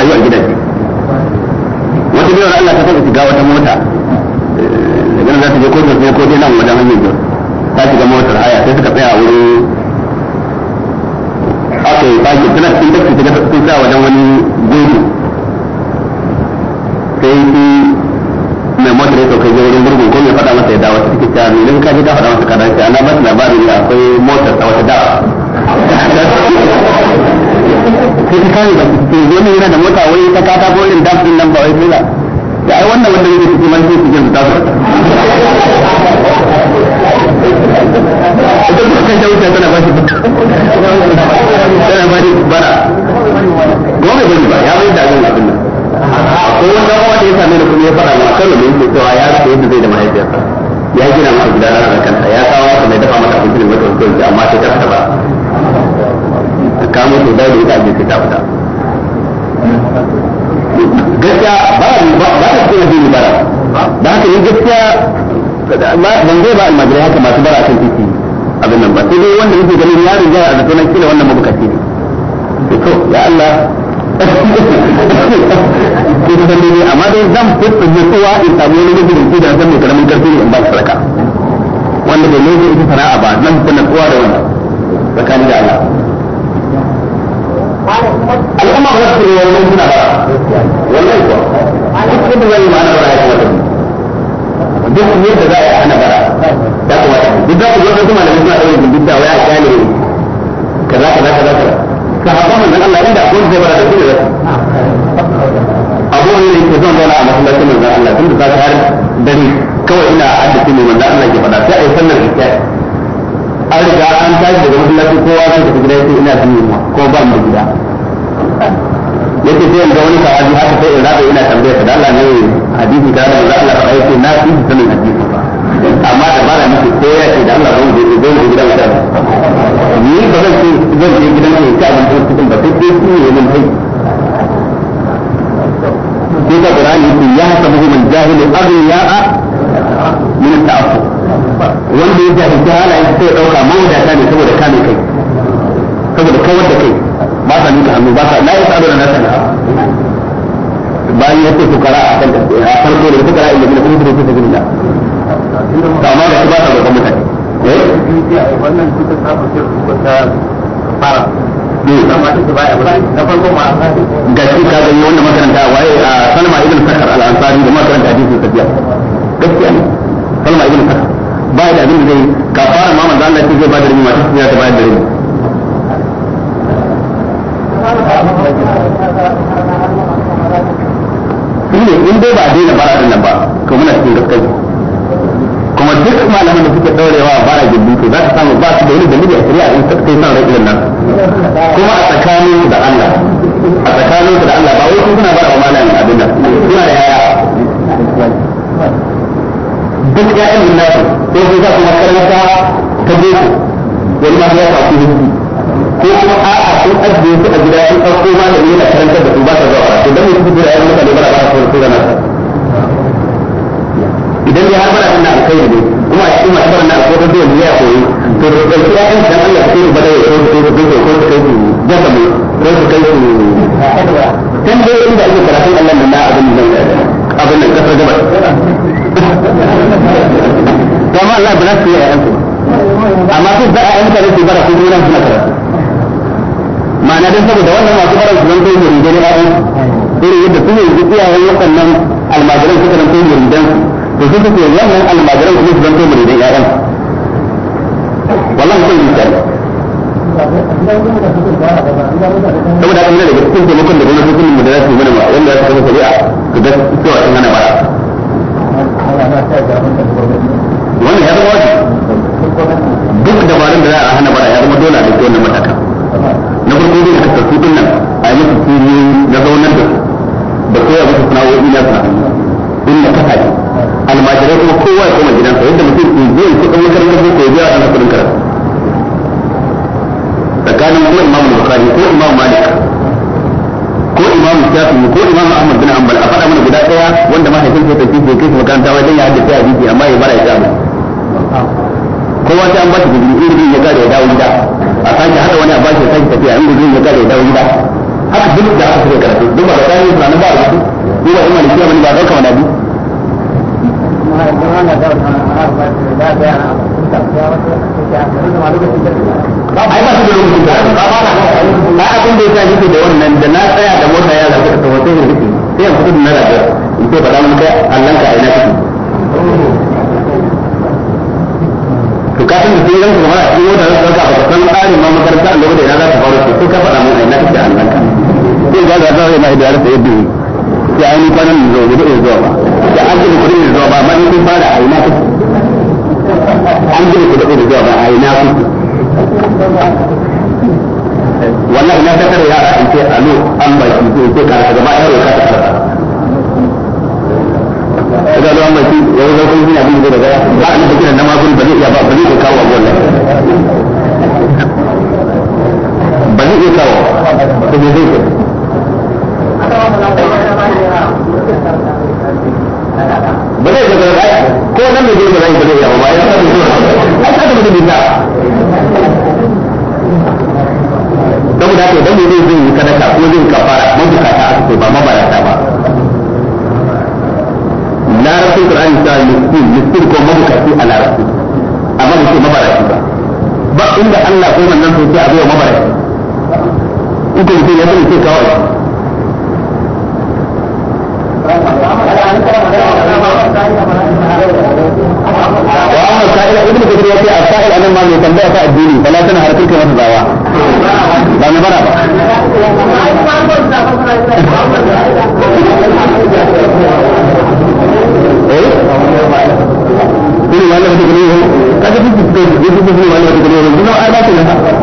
rayuwa a gidaje wata biyar Allah ta saka shiga wata mota eh, daga nan za ta je ko ne ko dai nan wajen hanyar jos ta shiga motar haya sai suka tsaya a wurin aka yi baki tana cikin dakki ta gasa sun sa wajen wani gudu sai shi mai motar ya sauka zai wurin gurgun ko mai faɗa masa ya dawo ta cikin ta mai nan kaji ta faɗa masa ka dace ana ba su labarin labari akwai motar ta wata dawa sai ka kare ba to wannan yana da mota wai ta kata ko da su din nan ba wai sai da ai wannan wanda yake cikin man sai su ta ba. idan ka kai wuce tana ba shi tana ba shi bara gome bane ba ya bai da abin abin nan ko wanda kuma da ya same da kuma ya fara ma kano ne yake cewa ya rasa yadda zai da mahaifiyarsa ya gina masa gidana da kansa ya kawo masa mai dafa masa abinci ne mai kawai amma sai ta fata ba kamo to da ita abin ka fita gaskiya ba ba ba ta cikin addini ba da haka gaskiya ban zai ba almajirai haka masu bara kan titi abin nan ba sai dai wanda yake ganin a zato na kila wannan mabukaci ne to ya Allah ta ne amma dai zan fuska nutsuwa in samu wani mijin da zan mai karamin karfi in ba su wanda bai nuna ita ba nan fi tsuwa da wannan tsakanin da Allah al'umma ba su yi wannan suna ba wannan kuwa duk yadda zai yi ma'ana bara ya kuma duk yadda za a yi ana bara ya kuma duk za ku zo kan kuma da mutum a ɗaure gindin da waya a kyale kaza kaza kaza kaza ka haɓa mun dan Allah inda akwai zai bara da kuma da zasu abu ne ke zan zauna a masallacin manzon Allah tun da ta har dare kawai ina haddace mai manzon Allah ke faɗa sai a yi sallar isha'i an riga an tashi daga masallaci kowa zai ka gida yake ina jin yunwa ko ba mu gida yake sai in wani sahabi haka sai in raba ina tambayar ka da Allah ne hadisi da Allah Allah fa yake na fi sanin hadisi amma da ba da ko ya ce da Allah zan je zan je ka ni ba zan ce zan je gidan ka ka ban san cikin ba sai ko ne mun kai ko da Qur'ani ya sabu man jahilu aghniya'a min ta'affu wanda ya jahilci halayen sai ya dauka mawadata ne saboda kame kai saboda kawar da kai ba sa nuka hannu ba sa la ya sa'adu da nasa na bayan ya fukara a kan a farko da fukara inda bin kuma fukara ta gina ta amma da ba sa roƙon eh? eh. ga shi ka gani wanda makaranta waye a salma ibn sakar al-ansari da makaranta hadisi tafiya gaskiya ne kalma ibn kasa ba da abin da zai kafara ma manzo Allah ce zai ba da rabi mata ya ta bayar da rabi shine in dai ba a daina bara din nan ba to muna cikin gaskiya kuma duk malaman da suke daurewa bara gindi to za ta samu ba su da wani dalili a shari'a in kai san rai irin nan kuma a tsakanin da Allah a tsakanin da Allah ba wai suna bara wa malamin abin nan suna da yaya duk ƴaƴan nan nasu ko su za su makaranta ta boko wani ma ya fasu hudu ko kuma a'a sun ajiye su a gida sun ɗauko ma da yana karantar da su ba ta zuwa to dan mutum da ƴaƴan mutane ba za su zana idan ya har bana tana alkhairi ne kuma a cikin masu bana akwai wani zuwa ya koyi to da ɗauki ƴaƴan dan Allah sai su bada ya kai su kai su ko su kai su jasa mai ko su kai su tambayoyin da ake karatun Allah nan na abin da zai abin nan kasar gabas kama Allah ba za su yi a yansu amma su za a yanka da su bara su nuna na karatu ma'ana don saboda wannan masu bara su zanto yi rinjani a yansu irin yadda su ne yi iyayen waɗannan almajiran suka zanto yi rinjan da su suke wannan almajiran su zanto yi rinjan ya'yan wallahi sai yi saboda haka daga cikin taimakon da gwamnati sun da za su mana ma wanda za su kafa shari'a ka ga cewa sun hana bara wannan ya zama wajibi duk dabarun da za a hana bara ya zama dole a dauki wannan matakan na farko dai da kasar kudin nan a yi musu fili na zaunar da da koya musu sana'o'i na sana'o'i inda kasa ce almajirai kuma kowa ya koma gidansa yadda mutum ke zai kuɗin makarantar ko ya biya a kan kudin karatu tsakanin ko imam bukhari ko imam malik ko imam shafi'i ko imam ahmad bin hanbal a faɗa mana guda ɗaya wanda mahaifin sai tafi bai kai makaranta wajen ya haddace hadisi amma ya bara ya sha kowa an ba shi irin ya gare ya dawo gida a sake hada wani a ba shi sake tafiya in gudun ya gare ya dawo gida haka duk da aka suka karatu duk ba da kayan yin tunanin ba a rubutu duk ba imani kiyar wani ba ɗauka wani abu ai da lokacin da yake da wannan da na tsaya da mota ya zafi ta wata yin riki sai yan fito na rabe in ce faɗa mun kai Allah ka aina kake to ka san da sai yan kuma a cikin mota za su ɗauka ba san tsarin ma makaranta da wanda ina za ta faru ko ka faɗa mun aina kake Allah ka sai ga ga zai mai da yarda yadda sai ainihin kwanan zuwa gudu zuwa ba da an ce kudin zuwa ba amma in kun fara aina kake an gina ku da zuwa ba ai na ku wallahi na tattara yara in ce alo an baki ko ko ka gaba yaro ka tattara daga da amma ya zo kun yana bin daga ba an da kiran na ma ba zai iya ba ba zai kawo wallahi ba zai iya kawo ba zai iya ba zai zai zai ko nan mai zai da zai yawo ba ya sa mutum ai sa mutum bin da saboda haka idan mutum zai yi sadaka ko zai kafara mun bukata aka ce ba mabarata ba larabcin Qur'ani ta miskin miskin ko mabukaci a larabci amma ba ce mabaraki ba ba inda Allah ko wannan sai a zo mabaraki in ko mutum ya sani kawai وأما السائل ابن كثير يأتي السائل أنا ما يتم بقى الديني فلا تنا هرتك ما تضعوا لأن برا إيه إني والله بتكلمه كذا في في في في في والله بتكلمه من أربعة إلى ثمانية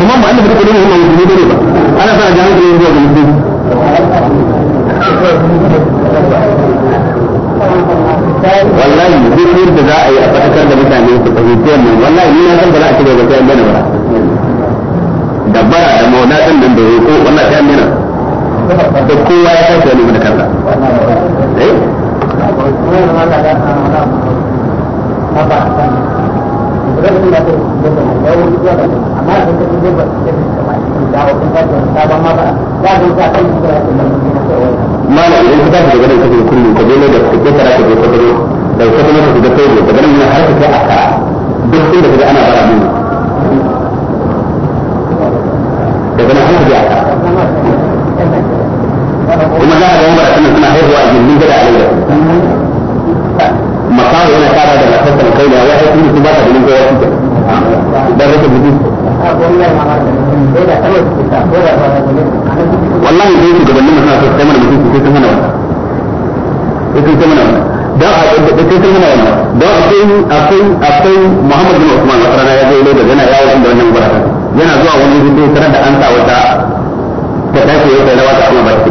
دوما ما أنا بتكلمه ما يجيني بقى أنا فأنا جاهز إني أقول wallahi duk da za a yi a fatakar da mutane su fahimci wannan wallahi ni na san ba za a ci gaba sai an daina da bara da mauna ɗan nan da roƙo wannan sai an daina da kowa ya tashi wani da kansa eh rashin lafiya da ta da yawon zuwa da amma da ta zai ba ta da kamar shi da wa kun ta ta ba ma ba da zai ta kai da rashin lafiya da ta wani malam idan ka tafi daga nan kake kullum ka je ne da kake tara ka je ka gano da ka kuma ka ga kai daga nan har ka kai aka duk inda kaga ana bara mu daga nan har ka aka kuma za a ga wanda suna haihuwa a gindin gada a lagos makamu yana tara da matar da kai da ya aiki su ba ta ganin kowa suke da rasa gudu wallahi dai su gabanin suna so sai mana mutum sai sun hana wani sai sun mana wannan don a sai sun hana wani don akwai akwai akwai Muhammad bin Usman masarana ya zo da yana yawo da wannan gurata yana zuwa wani hudu sanar da an sa wata ta dace ya kai rawa ta kuma barci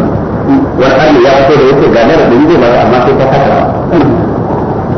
wani ya fito da yake ga naira da zai ba amma sai ta kasa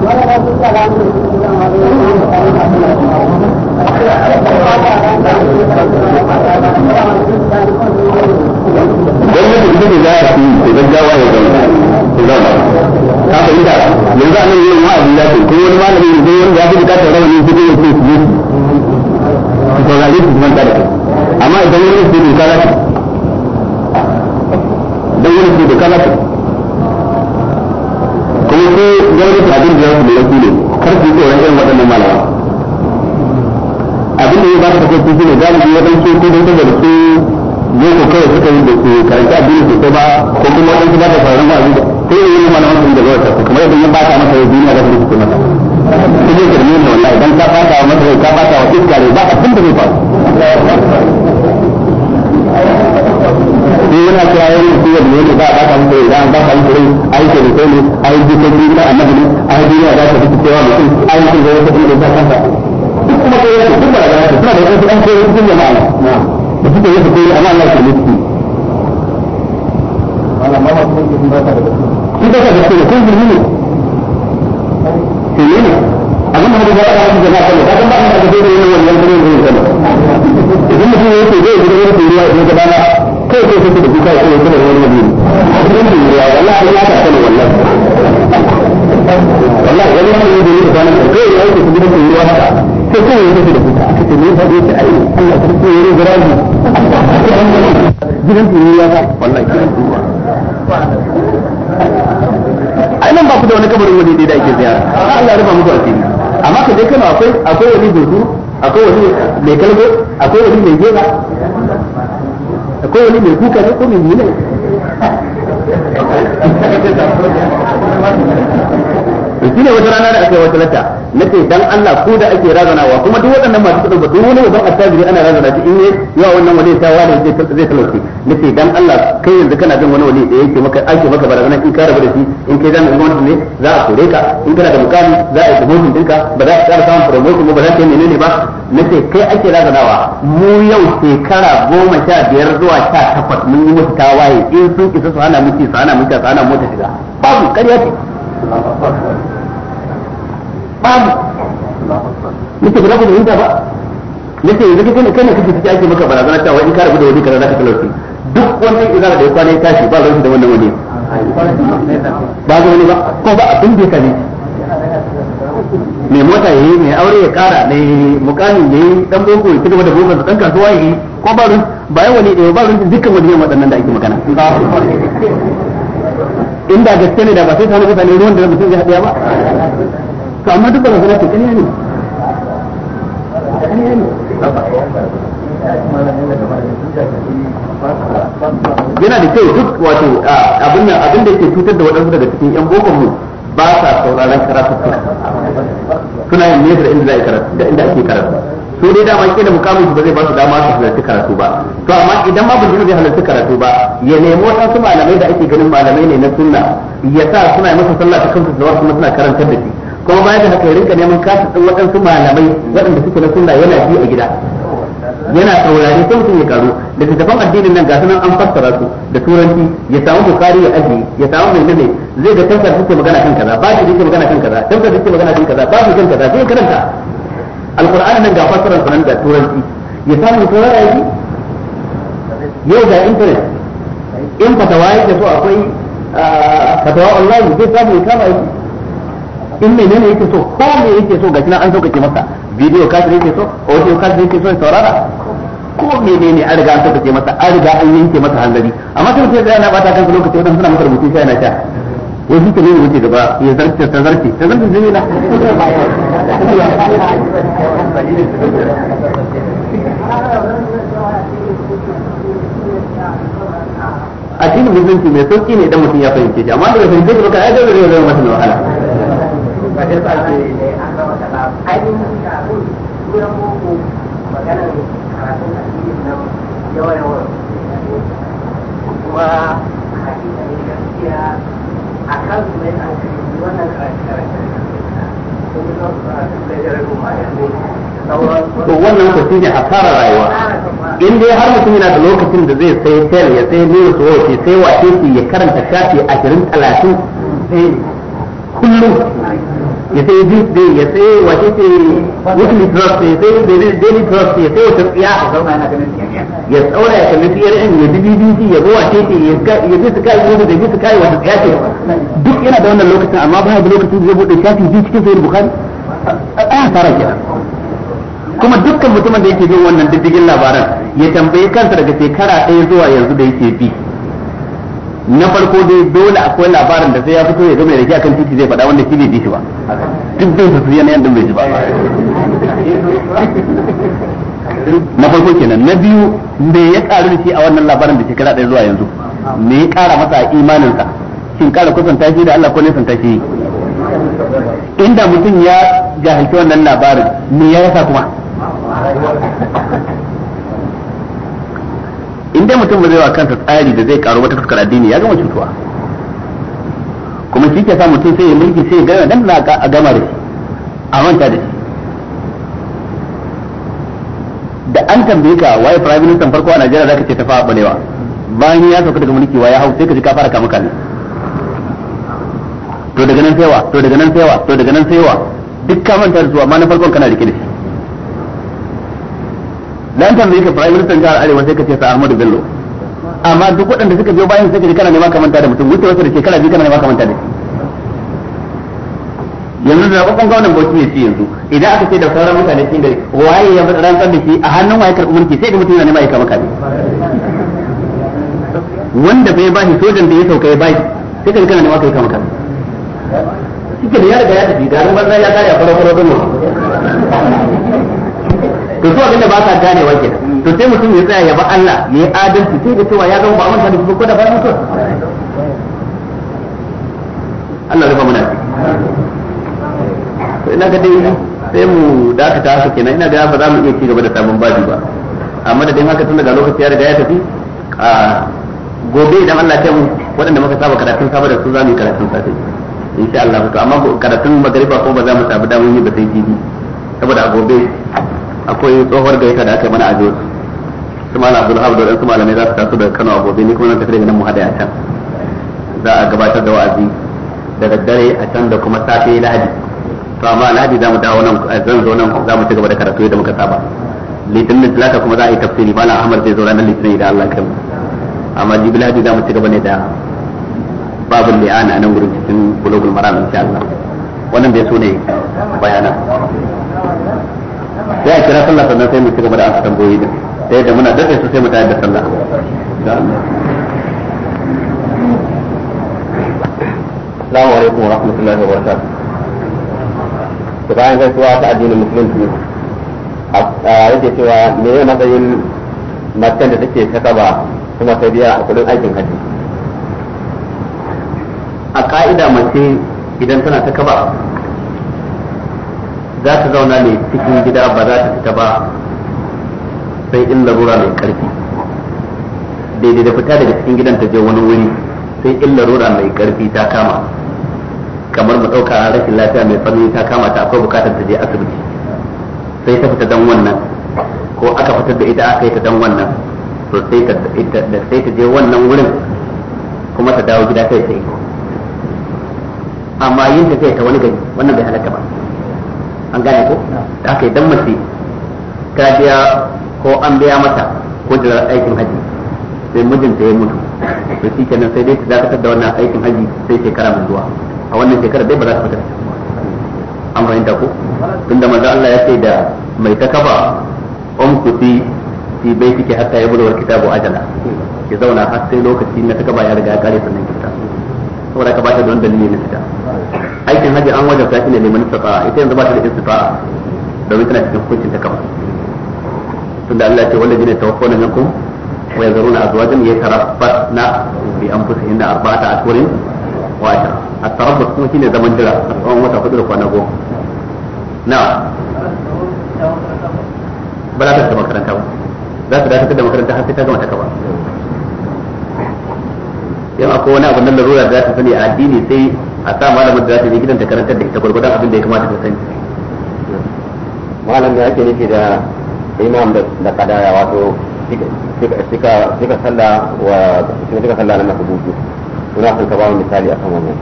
gwamnatin gudu za a fi ko gaggawa ya zama ko zama ka fahimta yanzu a nan yin wa'azi ya ce ko wani malami ne ko wani ya fi bukatar rawani ko kuma ce su yi su saurare su kuma tada amma idan wani su doka za su dan wani su doka za su a gwamnati abin da ya su da ne kar ku tsoron irin waɗannan malama abin da ya ba ka tafi su ne galibi waɗansu ko don saboda su boko kawai suka yi da su karanta addini sosai ba ko kuma waɗansu ba ta sauran ba abin da ko yi malaman sun da gwamnati kamar yadda ya ba ta masa ya duniya da su ke masa. Kuma ta ai duka ji ka amma ne ai duka da ka duka cewa mutum ai duka da ka duka kan ka duk kuma kai ka duka da ka duka da ka duka kan ka duk kuma kai ka duka da ka duka kan ka duk kuma kai ka duka da kita tak betul, kau beli ni. Beli ni. Aku mahu dia buat apa dia nak beli. Tapi mak nak beli dia ni orang yang beli beli sana. Ibu mesti beli tu, beli tu, beli tu, beli tu. Kau tu tu tu buka itu, itu orang yang beli. Beli tu, beli tu. Allah Allah tak beli orang. wallahi wani na da yake kwanan da kai ya yake gidan da ruwa haka sai kai ya tafi da kuka aka ce ne fa ta yake ai Allah ta ce yayi gurabi gidan da ruwa haka wallahi gidan da ruwa ai nan ba ku da wani kabarin wani da yake ziyara Allah rufa muku asiri amma ka je kana akwai akwai wani gudu akwai wani mai kalbo akwai wani mai gera akwai wani mai kuka ne ko mai ne to shine wata rana da aka wata lata nace dan Allah ko da ake razanawa kuma duk waɗannan masu kudin ba duk wani babban attajiri ana razana shi in yi yawa wannan wani ta wani zai talauci nace dan Allah kai yanzu kana bin wani wani da yake maka ake maka barazana in ka rabu da shi in kai zamu gwamnati ne za a kore ka in kana da mukami za a yi promotion dinka ba za ka ƙara samun promotion ba za ka yi menene ba nace kai ake razanawa mu yau shekara goma sha biyar zuwa sha takwas mun yi musu tawaye in sun isa su hana miki su hana miki su hana mota shiga babu ƙarya ce babu nake ba ku fahimta ba nake yanzu kai kai ne kake take ake maka barazana cewa in ka rabu da wani kaza zaka talauci duk wannan izara da ya kwana tashi ba ruwan da wannan wani ba ga wani ba ko ba abin da ya mai mota yayi mai aure ya kara ne mukamin yayi dan boko ya cigaba da boko dan kasuwa yayi ko ba ruwan ba yawa ne eh, da ba ruwan dukkan wani da ake magana gaske ne da ba sai ta mutane ruwan da mutum zai haɗiya ba to amma duka magana ce kariya ne yana da kyau duk wato abin da abin da yake cutar da waɗansu daga cikin yan boko mu ba sa sauraron karatu suna yin nesa da inda za a yi karatu da inda ake karatu so dai dama ke da mukamin ba zai ba su dama su halarci karatu ba to amma idan ma bujin zai halarci karatu ba ya nemo wasu malamai da ake ganin malamai ne na sunna ya sa suna yi masa sallah ta kansu da wasu suna karantar da shi kuma ba da haka rinka neman kasa ɗin waɗansu malamai waɗanda suke na sunna yana ji a gida yana saurari sun sun ya karu da tafan addinin nan gasu nan an fassara su da turanci ya samu bukari ya aji ya samu mai nane zai ga tantar suke magana kan kaza ba shi suke magana kan kaza tantar suke magana kan kaza ba shi kan kaza zai karanta alqur'ani nan ga fassaran sunan da turanci ya samu saurare ya ji yau ga internet in fatawa yake so akwai ah, fatawa online zai samu ya kama yake in mai ne yake so ko me yake so gashi nan an sauƙaƙe masa bidiyo kasir yake so audio kasir yake so ya saurara ko ne ne an riga an sauƙaƙe masa an riga an yanke masa hanzari amma sai sai yana bata kansa lokaci wannan suna masa rubutu sai yana ta wai shi ne wuce gaba ya zarce ta zarce ta zarce zai a cikin musulunci mai sauki ne idan mutum ya fahimce shi amma da fahimce shi ba ka ya ga zai zai masa wahala ba ta sa ke ainihin kafin gudan boko maganar karatun addinin nan yawa yawa kuma hakika ne gaskiya a kan su mai an kai wannan karatun to wannan ku shine asarar rayuwa in dai har mutum yana da lokacin da zai sai sel ya sai ne su wace sai wace su ya karanta shafi ashirin talatin eh, kullum ya sai jus din ya sai wace ce weekly trust ya sai daily trust ya sai wata tsiya a zauna yana ganin ya tsaura ya kalli CNN ya bi BBC ya zo wace ce ya bi su kai wata da bi su kai wata tsiya ce duk yana da wannan lokacin amma ba da lokacin zai bude shafi biyu cikin sayar bukari a fara kenan kuma dukkan mutumin da yake bin wannan diddigin labaran ya tambayi kansa daga shekara ɗaya zuwa yanzu da yake bi na farko dai dole akwai labarin da sai ya fito ya ga yake akan titi zai faɗa wanda shi bai ji ba duk bin su yana yanda bai ji ba na farko kenan na biyu me ya karu da shi a wannan labarin da shekara ɗaya zuwa yanzu me ya kara masa a imaninsa shin kara kusanta shi da Allah ko ne santa shi inda mutum ya jahilci wannan labarin me ya rasa kuma in dai mutum ba zai wa kansa tsari da zai karu wata fuskar addini ya gama cutuwa kuma shi ke sa mutum sai ya mulki sai ya gama dan da a gama da shi a manta da shi da an tambaye ka waye prime minister farko a Najeriya zaka ce ta fa balewa bayan ya sauka daga mulki waye hau sai ka ji ka fara kama kan to daga nan saiwa to daga nan saiwa to daga nan saiwa duk ka manta da su amma na farkon kana rike da shi dan tambaye ka prime minister jihar arewa sai ka ce sa Ahmadu Bello amma duk waɗanda suka biyo bayan suka ji kana nema kamanta da mutum wuce wasu da shekara biyu kana nema kamanta da yanzu da kokon gwamnan bauchi ne shi yanzu idan aka ce da sauran mutane shi da waye ya rantsar da shi a hannun waye karɓi mulki sai da mutum yana neman ya maka ne wanda bai bashi sojan da ya sauka ya bashi sai kan kana neman ka maka ne kame shi da ya riga ya tafi garin banza ya kare a farko farko to su abinda ba sa ganewa kenan to sai mutum ya tsaya ya ba Allah ya adalci sai da cewa ya zama ba amanta da su ko da bayan mutuwa Allah rufa muna to ina ga dai sai mu dakata haka kenan ina ga ba za mu iya ci gaba da sabon baji ba amma da dan haka tun daga lokaci ya riga ya tafi a gobe idan Allah ya mu waɗanda muka saba karatun saba da su za mu yi karatun safe insha Allah to amma karatun magariba ko ba za mu samu damar yi ba sai jibi saboda gobe akwai tsohuwar gaita da aka yi mana a Jos su ma Abdul Hab da su malamai za su taso daga Kano abubuwa ne ni kuma na tafi daga nan mu a can za a gabatar da wa'azi da daddare a can da kuma safe Lahadi to amma Lahadi za mu dawo nan zan zo nan za mu ci gaba da karatu yadda muka saba litinin talata kuma za a yi tafsiri malam Ahmad zai zo ranar litinin idan Allah kai amma jibi Lahadi za mu ci gaba ne da babin li'ana nan gurin cikin bulogul maram insha Allah wannan bai so ne bayana ya a kira sallah sannan sai mu ci gaba da aka tambayoyi din sai da muna dade su sai mu tayar da sallah Assalamu alaikum wa rahmatullahi wa barakatuh. To bayan suwa ta addinin musulunci a yake cewa me ne matsayin matan da take ta saba kuma ta biya a kudin aikin haji A ka'ida mace idan tana ta kaba za ta zauna ne cikin gida ba za ta fita ba sai in larura mai karfi daidai da fita daga cikin gidan ta je wani wuri sai in larura mai karfi ta kama kamar mu ɗauka rashin lafiya mai tsanani ta kama ta akwai bukatar ta je asibiti sai ta fita dan wannan ko aka fitar da ita aka yi ta dan wannan to sai ta sai ta je wannan wurin kuma ta dawo gida kai sai amma yin ta sai ta wani gari wannan bai halatta ba an gane ko da aka idan mace ta biya ko an biya mata ko da aikin haji sai mijinta ya mutu to shi kenan sai dai ta dakatar da wannan aikin haji sai shekara mai zuwa a wannan shekara dai ba za ta fita an fahimta ko tunda manzo Allah ya ce da mai ta kafa um kufi fi bai kike hatta ya bulwar kitabu ajala ki zauna har sai lokaci na ta kaba ya riga ya kare sannan kitabu saboda ka bata da wani dalili na fita aikin hajji an wajabta shi ne mai manistata ita yanzu ba ta da istita'a domin tana cikin hukuncin ta kawai tunda Allah ya ce wallahi ne tawaffawna minkum wa yazaruna azwajan na bi anfusihinna arba'ata ashhurin wa ashra at-tarabbus kuma shine zaman jira a tsawon wata hudu da kwana goma na ba za ta makaranta ba za ta dakatar da makaranta har sai ta gama ta kaba yau akwai wani abu nan larura da za ta sani a addini sai a sa malamin da za ta je gidan ta karantar da ita gwargwadon abin da ya kamata ta sani malam da yake nufi da imam da kadaya wato suka salla wa suka salla na makubutu suna sun ka bawa misali a kan wannan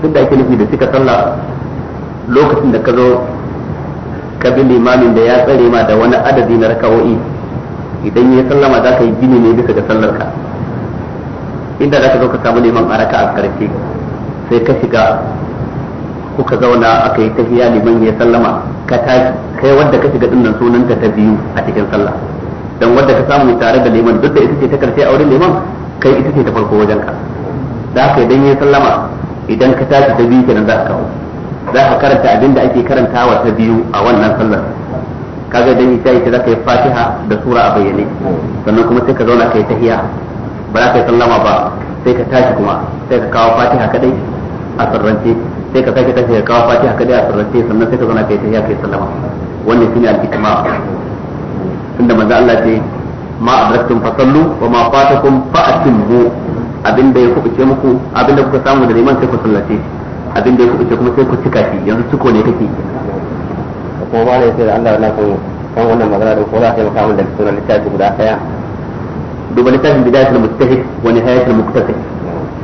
duk da ake nufi da suka salla lokacin da ka zo ka bi limamin da ya tsare ma da wani adadi na rakawo'i idan ya sallama za ka yi gini ne bisa ga sallar ka inda za ka zo ka samu neman araka a karfe sai ka shiga kuka zauna aka yi tafiya liman ya sallama ka tashi kai wadda ka shiga dinnan sunanta ta biyu a cikin sallah dan wadda ka samu tare da liman duk da ita ce ta karshe a wurin liman kai ita ce ta farko wajen ka da haka idan ya sallama idan ka tashi ta biyu kenan za ka kawo za ka karanta abinda ake karantawa ta biyu a wannan sallar kaga idan ya tashi za ka yi fatiha da sura a bayyane sannan kuma sai ka zauna ka yi tahiya ba za ka yi sallama ba sai ka tashi kuma sai ka kawo fatiha kadai a sarrance sai ka sake tashi ka kawo fatiha kadai a sarrance sannan sai ka zauna kai tahiya kai sallama wannan shine al-ikma tunda manzo Allah ce ma adraktum fasallu wa ma fatakum abin da ya kubuce muku da kuka samu da liman sai ku sallace da ya kubuce kuma sai ku cika shi yanzu ciko ne kake kuma ba ne sai da Allah na kun kan wannan magana da ko za ka yi makamun da sunan littafi guda daya duba littafin da mustahid wa da muktasid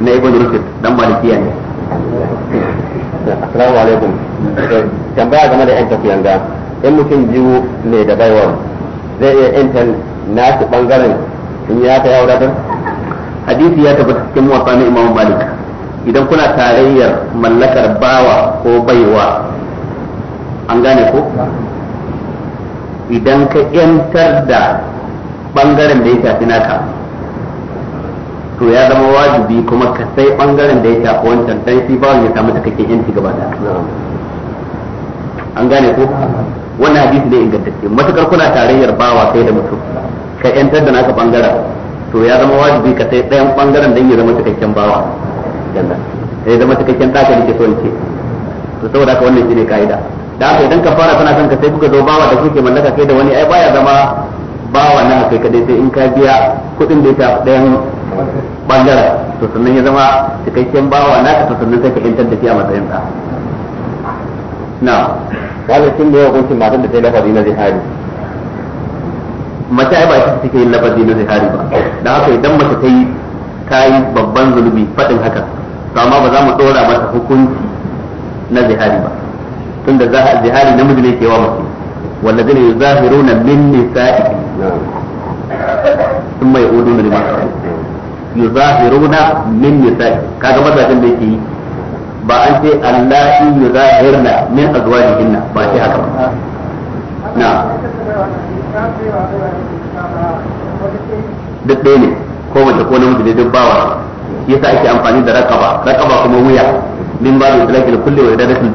na ibn rushd dan malikiya ne assalamu alaikum eh, tambaya game da yan tafiyanga in mutum biyu ne da baiwar zai iya yantan nasu bangaren in ya ta wadatar hadisi ya tabbata cikin muwafani imam malik idan kuna tarayyar mallakar bawa ko baiwa an gane ko idan ka yantar da bangaren da ya shafi naka to ya zama wajibi kuma ka sai bangaren da ya shafi wancan dan shi ba ya samu takakken yanci gaba da an gane ko wannan hadisi dai ingantacce matukar kuna tarayyar bawa sai da mutum ka yantar da naka bangaren to ya zama wajibi ka sai ɗayan bangaren dan ya zama cikakken bawa Ya zama cikakken ɗaka da ke so ce to saboda haka wannan shi ne ka'ida da haka idan ka fara tana kanka sai kuka zo bawa da kuke mallaka kai da wani ai baya zama ba na kai kadai sai in ka biya kuɗin da ya tafi ɗayan bangaren to sannan ya zama cikakken wa na ka sannan sai ka yantar da shi a matsayin ka na wala kin da hukuncin matan da ta yi lafazi na zihari mace ai ba ita take yin lafazi na zihari ba dan haka idan mace ta yi kai babban zulubi faɗin haka to amma ba za mu ɗora mata hukunci na zihari ba tunda zihari namiji ne ke wa mace والذين يظاهرون من نسائهم ثم يعودون لما يظاهرون من نسائهم كذا ماذا كان يجي ba an ce allati yuzahirna min azwajihinna ba ce haka ba na duk ɗaya ne ko mace ko namiji ne duk bawa yasa ake amfani da raqaba raqaba kuma wuya min ba da idlaqil kulli wa idadatul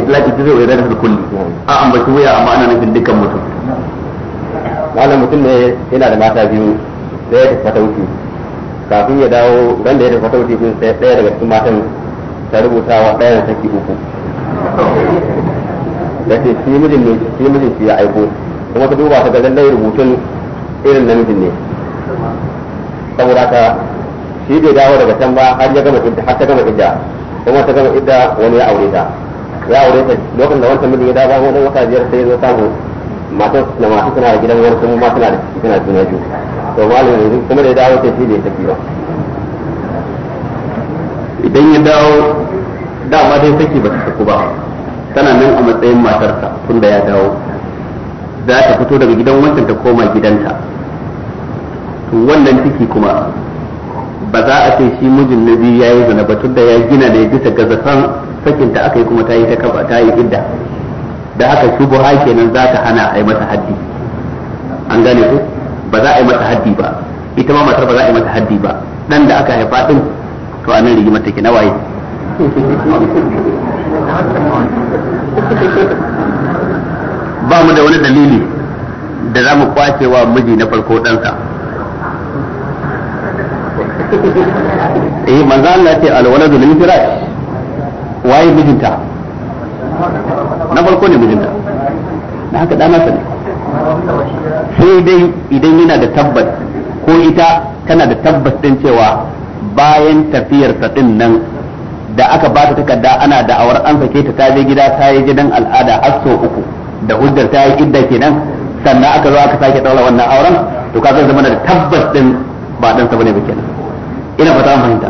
idlaqil juz'i wa idadatul kulli a ambaci wuya amma ana nufin dukkan mutum malam mutum ne yana da mata biyu da ya fata fatauci kafin ya dawo dan da ya tafi fatauci kun sai daya daga cikin matan ta rubuta wa daya da take uku yace shi mijin ne shi mijin shi ya aiko kuma ta duba ta ga lallai rubutun irin namijin ne saboda ka shi bai dawo daga can ba har ya gama idda har ta gama idda kuma ta gama idda wani ya aure ta ya aure ta lokacin da wancan mijin ya dawo wani wata biyar sai zo samu matan na masu suna da gidan wani kuma ma suna da ciki suna juna biyu to malamin yanzu kuma da ya dawo sai shi bai tafi ba idan ya dawo dama dai saki ba ta saku ba tana nan a matsayin matarsa tun da ya dawo za ta fito daga gidan wancan ta koma gidanta wannan ciki kuma ba za a ce shi mijin na biyu yayi zina ba tunda ya gina ne bisa ga zakan sakin ta aka yi kuma ta yi ta kaba ta yi idda da haka ha kenan za ta hana a yi mata haddi an gane ko ba za a yi mata haddi ba ita ma matar ba za a yi mata haddi ba dan da aka haifa din to anan rigi mata na waye ba mu da wani dalili da za mu kwace wa miji na farko ɗansa eh manzo Allah ce alwalad lil firash waye mijinta na farko ne mijinta da haka dama sa ne sai dai idan yana da tabbas ko ita tana da tabbas din cewa bayan tafiyar ta din nan da aka ba ta takarda ana da awar an sake ta ta je gida ta yi gidan al'ada har sau uku da hujjar ta yi idda kenan sannan aka zo aka sake daura wannan auren to kaga zama da tabbas din ba dan sa ne ba kenan ina fata an fahimta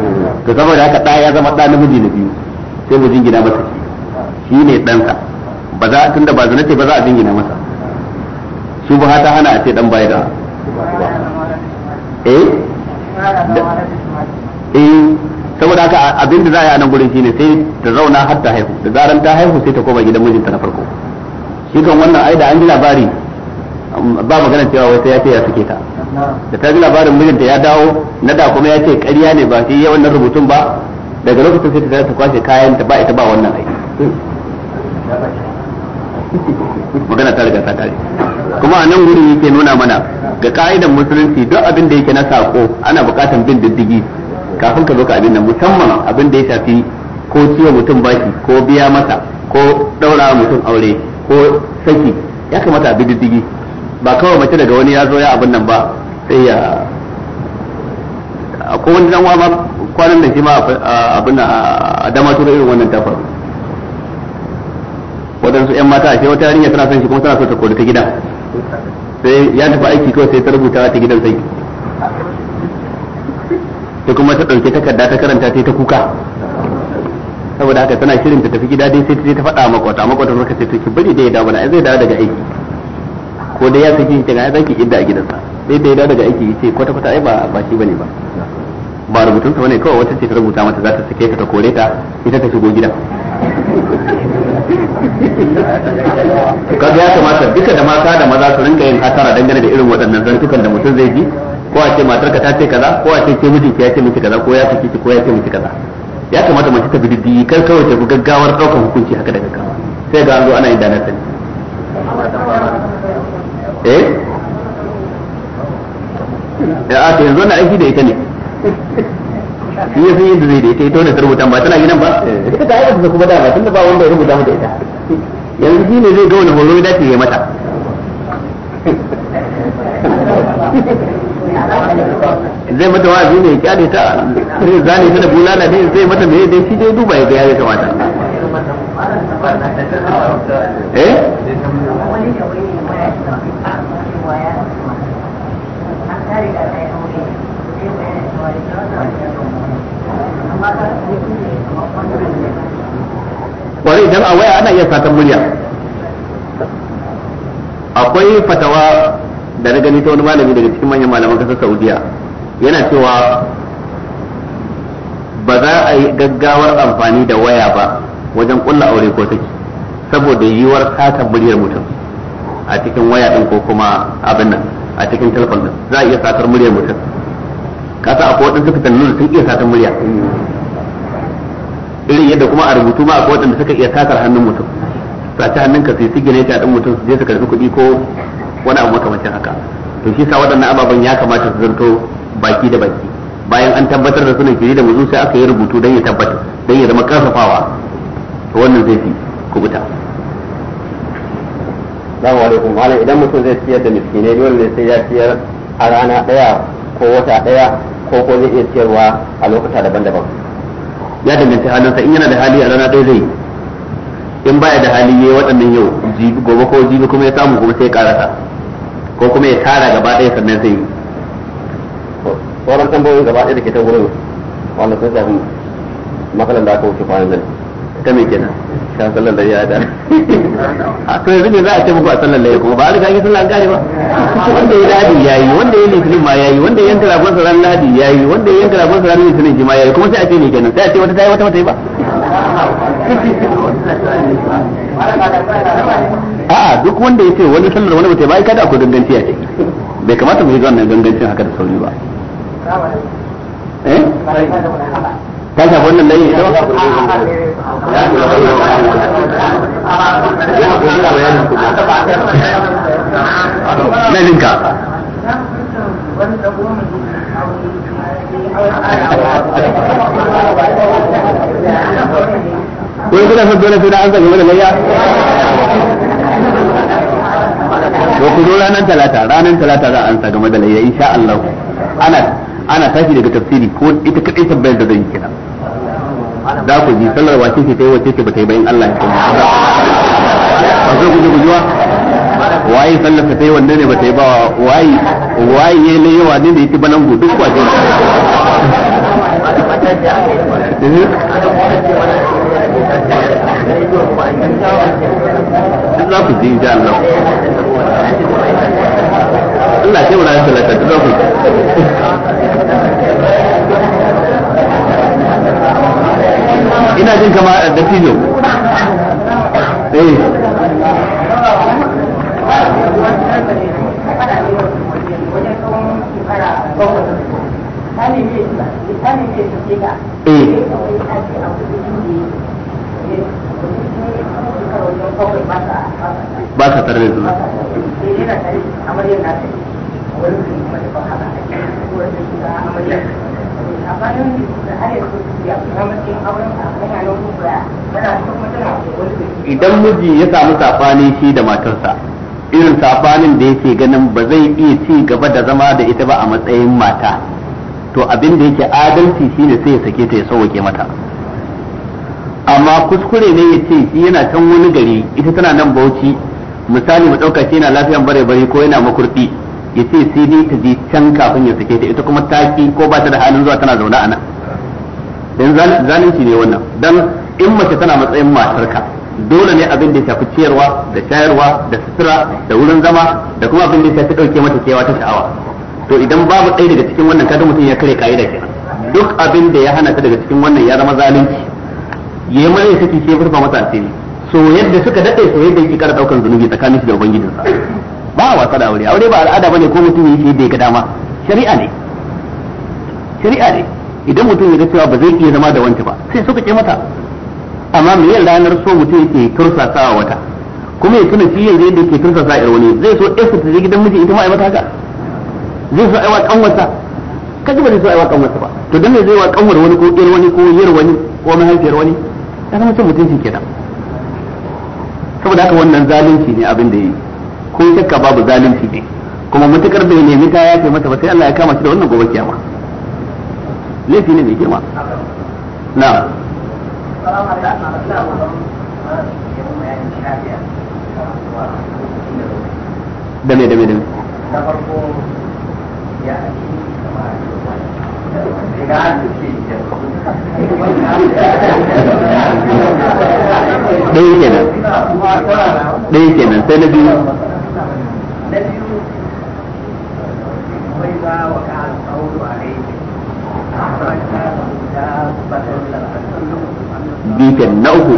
zama da haka ɗaya ya zama ɗa namiji na biyu sai mu jingina masa shi ne ɗansa ba za tunda ba ce ba za a jingina masa su ba ta hana a ce ɗan baya da eh eh saboda haka abin da za a yi a nan gurin shine sai ta zauna har ta haihu da zaran ta haihu sai ta koma gidan mijinta na farko shi kan wannan ai da an ji labari ba magana cewa wai sai ya ce ya suke ta da ta ji labarin mijinta ya dawo na da kuma ya ce ƙarya ne ba shi ya wannan rubutun ba daga lokacin sai ta ta kwashe kayan ta ba ita ba wannan aiki magana ta riga ta kare kuma a nan gurin yake nuna mana ga ka'idan musulunci duk abin da yake na sako ana buƙatar bin diddigi kafin ka zo ka abin nan musamman abin da ya shafi ko ciwo mutum baki ko biya masa ko ɗaura mutum aure ko saki ya kamata a bi diddigi ba kawai mace daga wani ya zo ya abin nan ba sai ya akwai wani dan ma kwanan da shi ma abin a dama tura irin wannan ta faru waɗansu 'yan mata ashe wata yarinya tana son shi kuma tana so ta kori ta gida sai ya tafi aiki kawai sai ta rubuta ta gidan sai ta kuma ta ɗauke takarda ta karanta sai ta kuka saboda haka tana shirin ta tafi gida dai sai ta faɗa makwata makwata suka ce to ki bari dai ya dawo na zai dawo daga aiki ko dai ya saki ki ga zaki idda a gidansa dai da daga aiki ce kwata kwata ai ba ba shi bane ba ba rubutun ta bane kawai wata ce ta rubuta mata za ta sake ta kore ta ita ta shigo gida kaga ya kamata duka da mata da maza su rinka yin asara dangane da irin waɗannan zantukan da mutum zai ji ko a ce matar ka ta ce kaza ko a ce ke mijinki ya ce miki kaza ko ya saki ki ko ya ce miki kaza ya kamata mace ta bididdi kar kawai ta gaggawar ɗaukar hukunci haka da gaggawa sai ga an zo ana yin dana eh da aka yanzu na aiki da ita ne shi ya san yadda zai da ita ita wanda ta rubuta ba tana gidan ba ita eh, ta aika ta kuma da ba tunda ba wanda ya rubuta mata ita yanzu shi ne zai ga wani horo ya dace ya mata zai mata wa'azi ne ya kyale ta zai zane ta da bulala ne zai mata me dai shi dai duba ya ga ya kamata eh kwarai idan a waya ana iya satar murya akwai fatawa da na gani ta wani malami daga cikin manyan malaman kasar saudiya yana cewa ba za a yi gaggawar amfani da waya ba wajen kulla aure ko saki saboda yiwuwar satan muryar mutum a cikin waya din ko kuma abin nan a cikin telefon din za a iya satar muryar mutum kasa akwai waɗansu fitannu da sun iya satar murya irin yadda kuma a rubutu ma akwai waɗanda suka iya satar hannun mutum sace hannun ka sai sigine ta ɗin mutum su je su karɓi kuɗi ko wani abu makamancin haka to shi sa waɗannan ababen ya kamata su zanto baki da baki bayan an tabbatar da sunan kiri da muzu sai aka yi rubutu don ya tabbata don ya zama karfafawa to wannan zai fi kubuta Assalamu alaikum malam idan mutum zai siyar da miskinai dole ne sai ya siyar a rana daya ko wata daya ko ko zai iya siyarwa a lokuta daban-daban ya danganci halinsa in yana da hali a rana dai zai in baya da hali yayi waɗannan yau jibi gobe ko jibi kuma ya samu kuma sai karasa ko kuma ya tara gaba ɗaya sannan sai yi sauran tambayoyin gaba ɗaya da ke ta wurin wanda sun shafi matsalar da aka wuce kwanan nan ta me kenan ka sallar da ya da a to yanzu ne za a ce muku a sallar da kuma ba a riga sallar an kare ba wanda ya ladi yayi wanda ya litinin ma yayi wanda ya yanka ragon sa ran ladi yayi wanda ya yanka ragon sa ran litinin shi ma yayi kuma sai a ce me kenan sai a ce wata yi wata mata ba a'a duk wanda ya ce wani sallar wani mata ba ai kada akwai ganganci a ciki bai kamata mu yi nan gangancin haka da sauri ba eh كذا قلنا إيه؟ لا لا لا لا لا لا لا لا لا لا لا وخذوا لنا أنت لا ترى أنا أنت لا ترى أن تجمد إن شاء الله أنا أنا تاجي لك تفسيري كون إنت كنت بين ذي كده za ku ji sallar wace ce ta yi wace ce ba ta yi ba in Allah ya kai ba sai ku ji ku jiwa waye sallar ta yi wanne ne ba ta yi ba waye waye ne yawa ne da yake balangu duk waje eh? duk za ku ji insha Allah Allah sai wani sallar ta duk za ku ji ina jin kama da tijo eh. eh. ba sa tare da juna na ta yi kuma da ba a wurin da kuma da idan miji ya samu safani shi da matarsa irin safanin da yake ganin ba zai iya ci gaba da zama da ita ba a matsayin mata to abin da yake adalci shine sai ya sake ta ya sauke mata amma kuskure ne ya ce shi yana can wani gari ita tana nan bauchi misali mu ɗauka shi yana lafiyan bare bare ko yana makurdi ya ce sai dai ta je can kafin ya sake ta ita kuma ta ki ko ba ta da halin zuwa tana zaune a nan dan zalunci ne wannan dan in mace tana matsayin matarka dole ne abin da ya shafi ciyarwa da shayarwa da sutura da wurin zama da kuma abin da ya shafi dauke mata kewa ta sha'awa to idan babu ɗaya daga cikin wannan kada mutum ya kare ka'ida kenan duk abin da ya hana ta daga cikin wannan ya zama zalunci ya yi mazai saki sai furfa a asiri so yadda suka daɗe so yadda yake kara daukan zunubi tsakanin shi da ubangijinsa ba a wasa da aure aure ba al'ada bane ko mutum yake da ya ga dama shari'a ne shari'a ne idan mutum ya ga cewa ba zai iya zama da wanta ba sai suka ce mata amma me yin ranar so mutum yake tursasawa wata kuma ya tuna shi yanzu yadda yake tursasa a wani zai so ɗansa ta je gidan miji ita ma ai mata haka zai so aiwa kanwarsa kaji ba zai so aiwa kanwarsa ba to dan ne zai wa kanwar wani ko ɗiyar wani ko yar wani ko mahaifiyar wani ya zama cin mutunci kenan saboda haka wannan zalunci ne abin da yi ko shakka babu zalunci ne kuma mutukar bai nemi ta ya ce mata ba sai Allah ya kama shi da wannan gobe kiyama laifi ne mai girma na dame dame dame na ɗaya kenan ɗaya kenan sai na biyu gefen na uku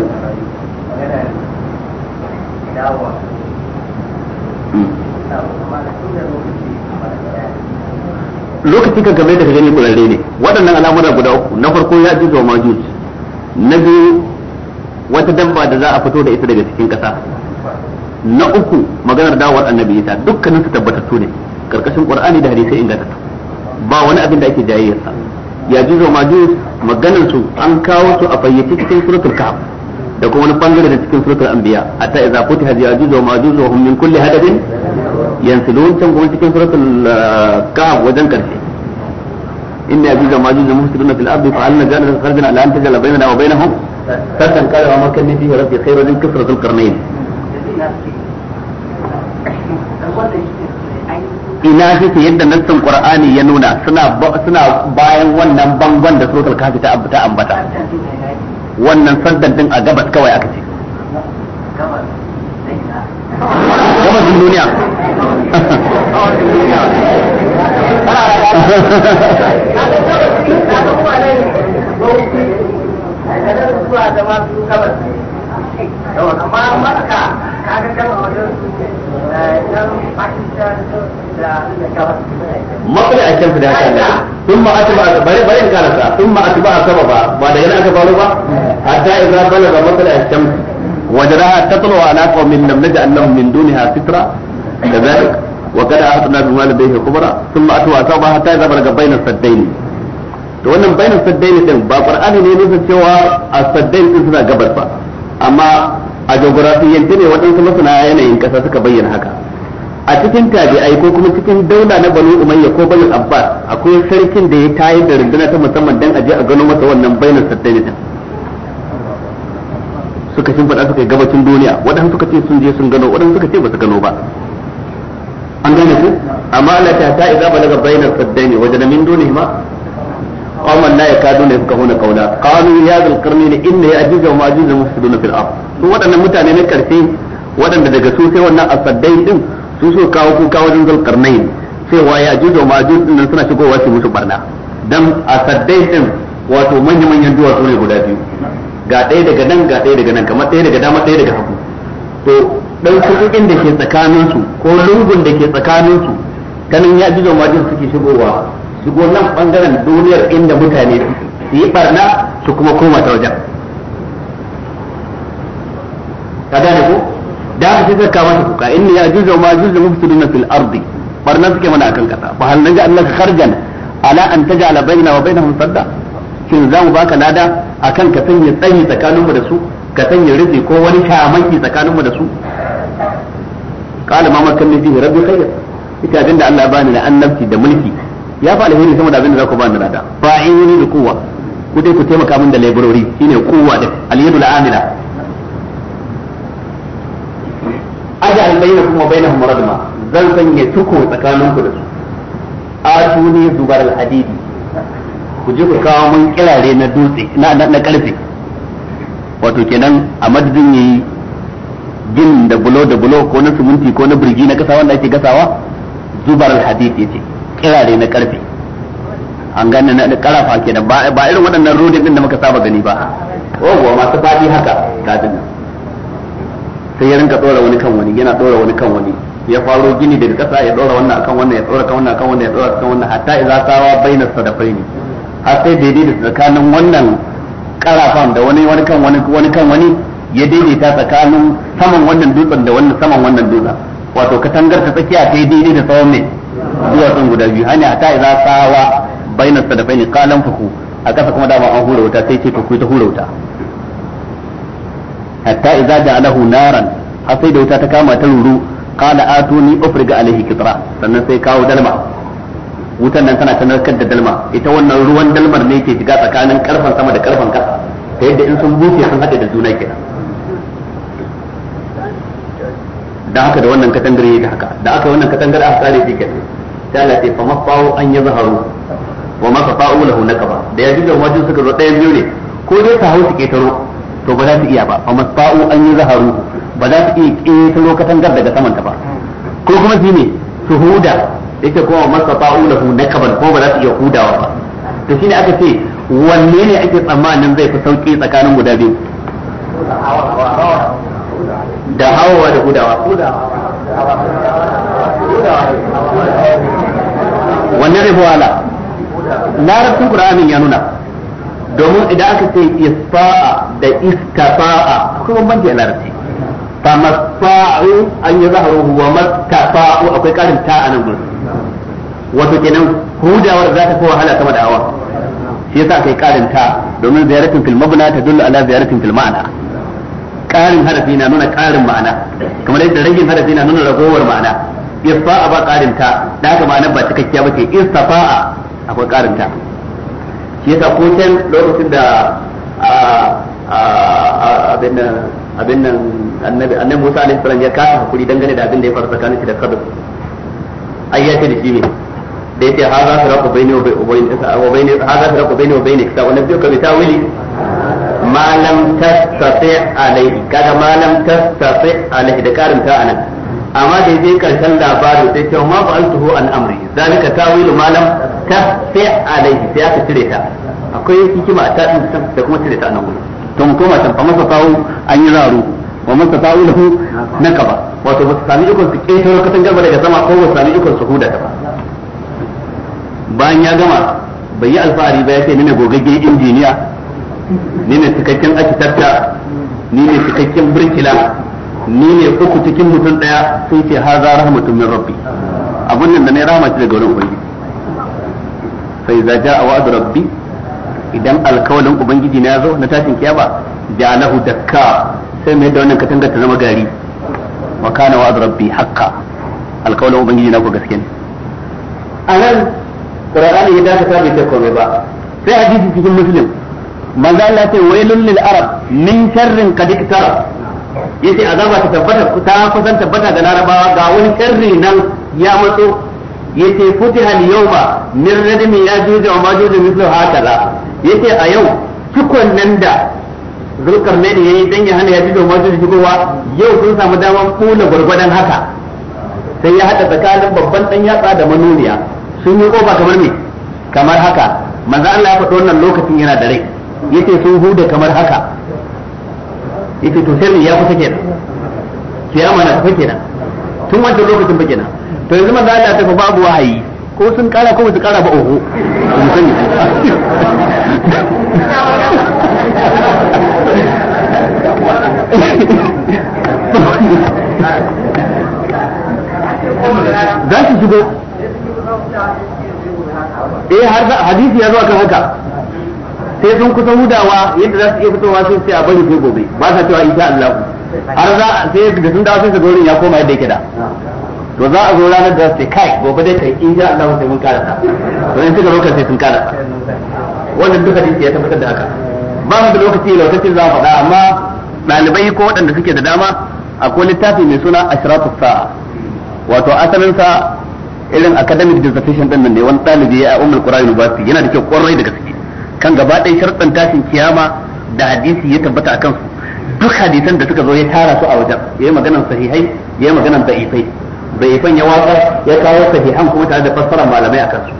lokaci ka game da ka gani kurare ne waɗannan al'amura guda uku na farko ya ji zuwa majus na biyu wata damba da za a fito da ita daga cikin ƙasa na uku maganar dawowar annabi isa dukkanin su tabbatattu ne karkashin qur'ani da hadisi ingantattu ba wani abin da ake jayayyarsa ya jizo majus maganar su an kawo su a fayyace cikin suratul kahf da kuma wani bangare da cikin suratul anbiya hatta idza futiha ya jizo majus wa hum min kulli hadabin yansilun can kuma cikin suratul kahf wajen karshe inna ya jizo majus da na fil ardi fa alna janan kharjana la anta jala bainana wa bainahum tatan kala wa makan nabi rabbi khayrun kasratul karnain ina suke yadda nassin qur'ani ya nuna suna suna bayan wannan bangon da suratul kafi ta ambata ambata wannan sardan din a gabas kawai aka ce gabas din duniya amma maka kaga kan a wajen su makwai a kyansu da ya kan gani sun ma ati atuba bari bari karasa sun ma ati atuba asaba ba ba daga nan aka faru ba hatta ibrahim bala ba makwai a kyansu wajadaha tatlu ala qaumin lam naj'al lahum min duniha sitra kadhalik wa qad a'tana bi mal bihi kubra thumma atu asaba hatta idha balaga bayna saddaini to wannan bayna saddaini din ba qur'ani ne nufin cewa as-saddain din suna gabar ba amma a jagorafiyance ne waɗansu masana yanayin ƙasa suka bayyana haka a cikin tabi'ai ko kuma cikin daula na banu umayya ko banu abbas akwai sarkin da ya tayi da rundunar ta musamman dan aje a gano masa wannan bainar ta. suka shin faɗa suka yi gabacin duniya waɗansu suka ce sun je sun gano waɗansu suka ce ba su gano ba an gane ku amma Allah ta ta idza balaga bainar sattani wajada min dunihima qauman la yakaduna yafqahuna qawla qalu ya zal qarni inna ya'juj wa ma'juj mufsiduna fil ard to waɗannan mutane na karshe waɗanda daga su sai wannan asaddai din su so kawo kuka wajen zal qarnain cewa ya'juj wa ma'juj din suna shigowa su musu barna dan asaddai din wato manyan manyan duwatsu ne guda biyu ga ɗaya daga nan ga ɗaya daga nan kamar ɗaya daga dama ɗaya daga hagu to dan kuɗin da ke tsakaninsu ko lungun da ke tsakaninsu ta nan ya ji da suke shigowa shigo nan bangaren duniyar inda mutane su yi barna su kuma koma ta wajen ka gane ko da haka sai saka masa kuka inni ya juzu ma juzu mufsiduna fil ardi barna suke mana akan kasa fa hal naja annaka kharjan ala an taj'ala bainana wa bainahum sadda shin za mu baka lada akan ka sanya tsayi tsakaninmu da su ka sanya rufe ko wani shamaki tsakaninmu da su qala ma makanni fi rabbi khayr ita abinda Allah ya bani na annabci da mulki ya fa alheri sama da abin da za ba ni lada fa in da kuwa ku dai ku taimaka min da laborori shine kuwa da al-yadul amila ajal kuma wa bainahum radma zan sanya tuko tsakaninku da su atuni zubar al-hadidi ku je ku kawo mun kirare na dutse na na karfe wato kenan a madadin yayi gin da bulo da bulo ko na suminti ko na birgi na kasa wanda ake gasawa zubar al hadidi yace kirare na karfe an gane na karafa ke da ba irin waɗannan rodin din da muka saba gani ba ogo masu faɗi haka kafin sai ya rinka ɗora wani kan wani yana ɗora wani kan wani ya faro gini daga ƙasa ya ɗora wannan akan wannan ya ɗora kan wannan akan wannan ya ɗora kan wannan hatta idza sawa baina sadafai ne har sai daidai da tsakanin wannan karafan da wani wani kan wani wani kan wani ya daidaita tsakanin saman wannan dutsen da wannan saman wannan dutsen wato katangar ta tsakiya ta yi daidai da tsawon mai sun guda biyu hanya ta iza sa da bayanin kalan fuku a kasa kuma dama an hura wuta sai ce to ta hura wuta hatta idza ja'alahu naran har sai da wuta ta kama ta ruru qala atuni ufriga alaihi kitra sannan sai kawo dalma wutan nan tana ta narkar da dalma ita wannan ruwan dalmar ne ke shiga tsakanin karfan sama da karfan kasa ta yadda in sun bushe sun haɗe da juna kenan da haka da wannan katangar yi da haka da aka wannan katangar a kare shi kenan ta Allah ya fa mafa'u an yazharu wa na fa'u lahu nakaba da ya dinga wajen suka zo ɗayan biyu ne ko dai ta hausa ketaro to ba za su iya ba fa mafa'u an yazharu ba za su iya taro katangar daga saman ta ba ko kuma shi ne su huda yake kuma mafa'u lahu nakaban ko ba za su iya hudawa ba to shine aka ce wanne ne ake tsammanin zai fi sauki tsakanin guda biyu da hawa da gudawa wannan rufe wala larabcin qur'anin ya nuna domin idan aka ce isfa'a da istafa'a akwai bambanci a larabci fa masfa'u an yi zaharu wa mastafa'u akwai karin ta a nan gudu wato kenan hudawar za ta fi wahala sama da hawa shi yasa kai karin ta domin ziyaratin fil mabna ta dole ala ziyaratin filmana ƙarin harafi na nuna ƙarin ma'ana kamar yadda ragin harafi na nuna ragowar ma'ana isfa'a ba ƙarin ta da haka ma'anar ba cikakkiya ba ce istafa'a akwai ƙarin ta shi yasa ko can lokacin da abin nan abin nan annabi annabi Musa alaihi salam ya kasa hakuri dangane da abin da ya faru tsakanin shi da Khadr ai ya ce da shi ne da yake haza siraqu baini wa ne haza bai ne wa baini ka wannan biyo ka bi tawili malam tastati alaihi kaga malam tastati alaihi da karin ta anan amma da yaje karshen labarin sai ce ma fa'altuhu an amri zalika tawilu malam tastati alaihi sai aka cire ta akwai hikima a tadin da kuma cire ta nan gurin to mu koma san fa masa tawu an yi raro wa masa tawu lahu nakaba wato ba su sami ikon su ƙetaro katangar ba daga sama ko ba su sami ikon su huda ta ba bayan ya gama bai yi alfahari ba ya ce ni ne gogaggen injiniya ni ne cikakken akitarta ni ne cikakken burkila ni ne uku cikin mutum daya sai ce ha za rahmatun min rabbi abun nan da ne rahama ce daga wurin ubangiji sai za ja a wa'ad rabbi idan alkawalin ubangiji na zo na tashin kiyama ja'alahu dakka sai mai da wannan katanga ta zama gari wa kana wa'ad rabbi haqqa alkawalin ubangiji na ku gaske ne anan qur'ani ya dakata bai ta komai ba sai hadisi cikin muslim manzo Allah ce wailul lil arab min sharrin qad iktara yace azaba ta tabbata ta kusan tabbata ga larabawa ga wani sharri nan ya matso yace futiha al yawma min radmi yajuj wa majuj mithlu hakala yace a yau tukunnan da zulkar ne da yayi dan ya hana yajuj wa majuj shigowa yau sun samu damar kula gurgurdan haka sai ya hada tsakanin babban dan yatsa da manuniya sun yi kofa kamar me kamar haka manzo Allah ya faɗo wannan lokacin yana da rai yace sun huda kamar haka yace to sirri ya kusa kenan kiyama na kusa kenan tun wancan lokacin ba kenan to yanzu manzo Allah ta babu wahayi ko sun kara ko su kara ba oho mun sani za su shigo eh har hadisi ya zo kan haka sai sun kusa hudawa yadda za su iya fitowa sun sai a bari sai gobe ba sa cewa insha Allah har za sai da sun dawo sai su gurin ya koma yadda yake da to za a zo ranar da sai kai gobe dai kai insha Allah sai mun karasa to in suka lokaci sun karasa wannan duka din ya tabbatar da haka ba mu da lokaci lokacin za mu faɗa amma dalibai ko waɗanda suke da dama akwai littafi mai suna ashratu sa'a wato asalin sa irin academic dissertation din nan ne wani dalibi ya umar qur'an university yana da kyau kwarai da gaske kan gaba ɗaya sharɗin tashin kiyama da hadisi ya tabbata a kansu duk hadisan da suka zo ya tara su a wajen ya yi maganan sahihai ya yi maganan da'ifai da'ifan ya watsa ya kawo sahihan kuma tare da fassara malamai a kansu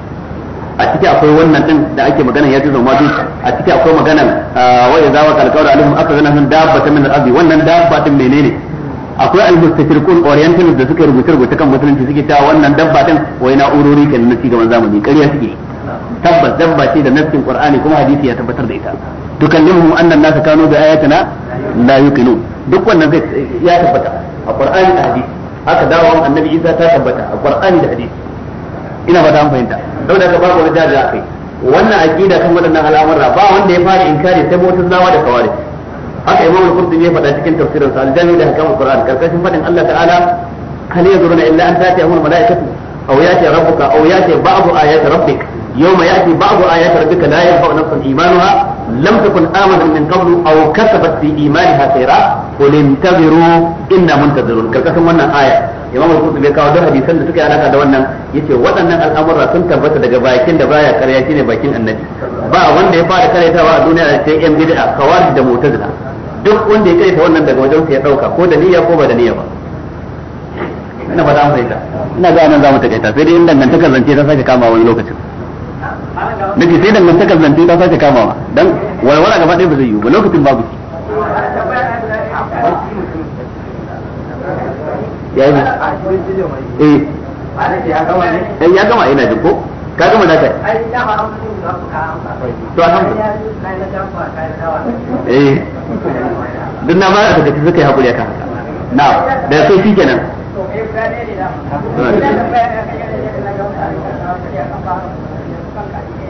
a ciki akwai wannan din da ake magana ya jizo ma duk a ciki akwai maganan ah, wa idza wa kalqawra alihim akhadna min ta min al wannan dabba din menene akwai al-mustashriqun orientalist da suka rubuta rubuta kan musulunci suke ta wannan dabba din wai na'urori kenan na ci gaban zamani ƙarya suke tabbas dabba ce da nassin qur'ani kuma hadisi ya tabbatar da ita tukallimuhum anna an-nas kanu bi ayatina la yuqinun duk wannan zai ya tabbata a qur'ani da hadisi haka dawon annabi Isa ta tabbata a qur'ani da hadisi ina ba da fahimta saboda ka babu wani jaji kai wannan aqida kan waɗannan al'amura ba wanda ya fara inkari sai mutum zawa da kawari haka imam al-qurtubi ya faɗa cikin tafsirin sa al-jami da hakamun qur'an karkashin fadin Allah ta'ala hal yanzuruna illa an ta'tiyahum al-malaikatu aw yati rabbuka aw yati ba'du ayati rabbika يوم يأتي بعض آيات ربك لا ينفع نفسا إيمانها لم تكن آمنت من قبل أو كسبت في إيمانها خيرا قل انتظروا إنا منتظرون كالكسم wannan آية Imam Al-Qurtubi ya kawo duk hadisan da suke alaka da wannan yace waɗannan al'amura sun tabbata daga bakin da baya karya shine bakin Annabi ba wanda ya fara karyatawa a duniya da sai yan bid'a kawari da mu'tazila duk wanda ya karyata wannan daga wajen sa ya ko da niyya ko niyya ba ina ba za mu ina ga nan za mu sai dai in dangantakar zance ta sake kama wani lokacin nake sai dangantakar zance ta sake kamawa dan walwala gaba ɗaya ba zai yi ba lokacin babu eh. Eh, ya gama ina ka gama da kai to alhamdulillah eh duk na ba ka yi hakuri haka na da sai shi kenan to eh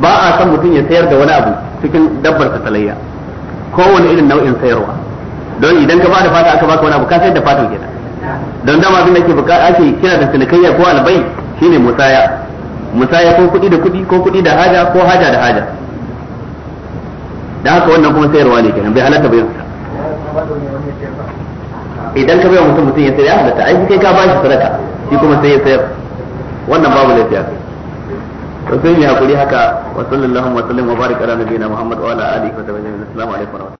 ba a san mutum ya sayar da wani abu cikin dabbar ta talayya kowane irin nau'in sayarwa don idan ka bada fata aka baka wani abu ka sayar da fatan kenan don dama abin da ke bukata ake kira da cinikayya ko albai shine musaya musaya ko kuɗi da kuɗi ko kuɗi da haja ko haja da haja da haka wannan kuma sayarwa ne kenan bai halatta bai idan ka bai mutum mutum ya sayar da halatta ai kai ka bashi sadaka shi kuma sai ya sayar wannan babu lafiya to sai mu hakuri haka wa sallallahu wa sallam wa baraka ala nabiyina muhammad wa ala alihi wa sahbihi assalamu alaikum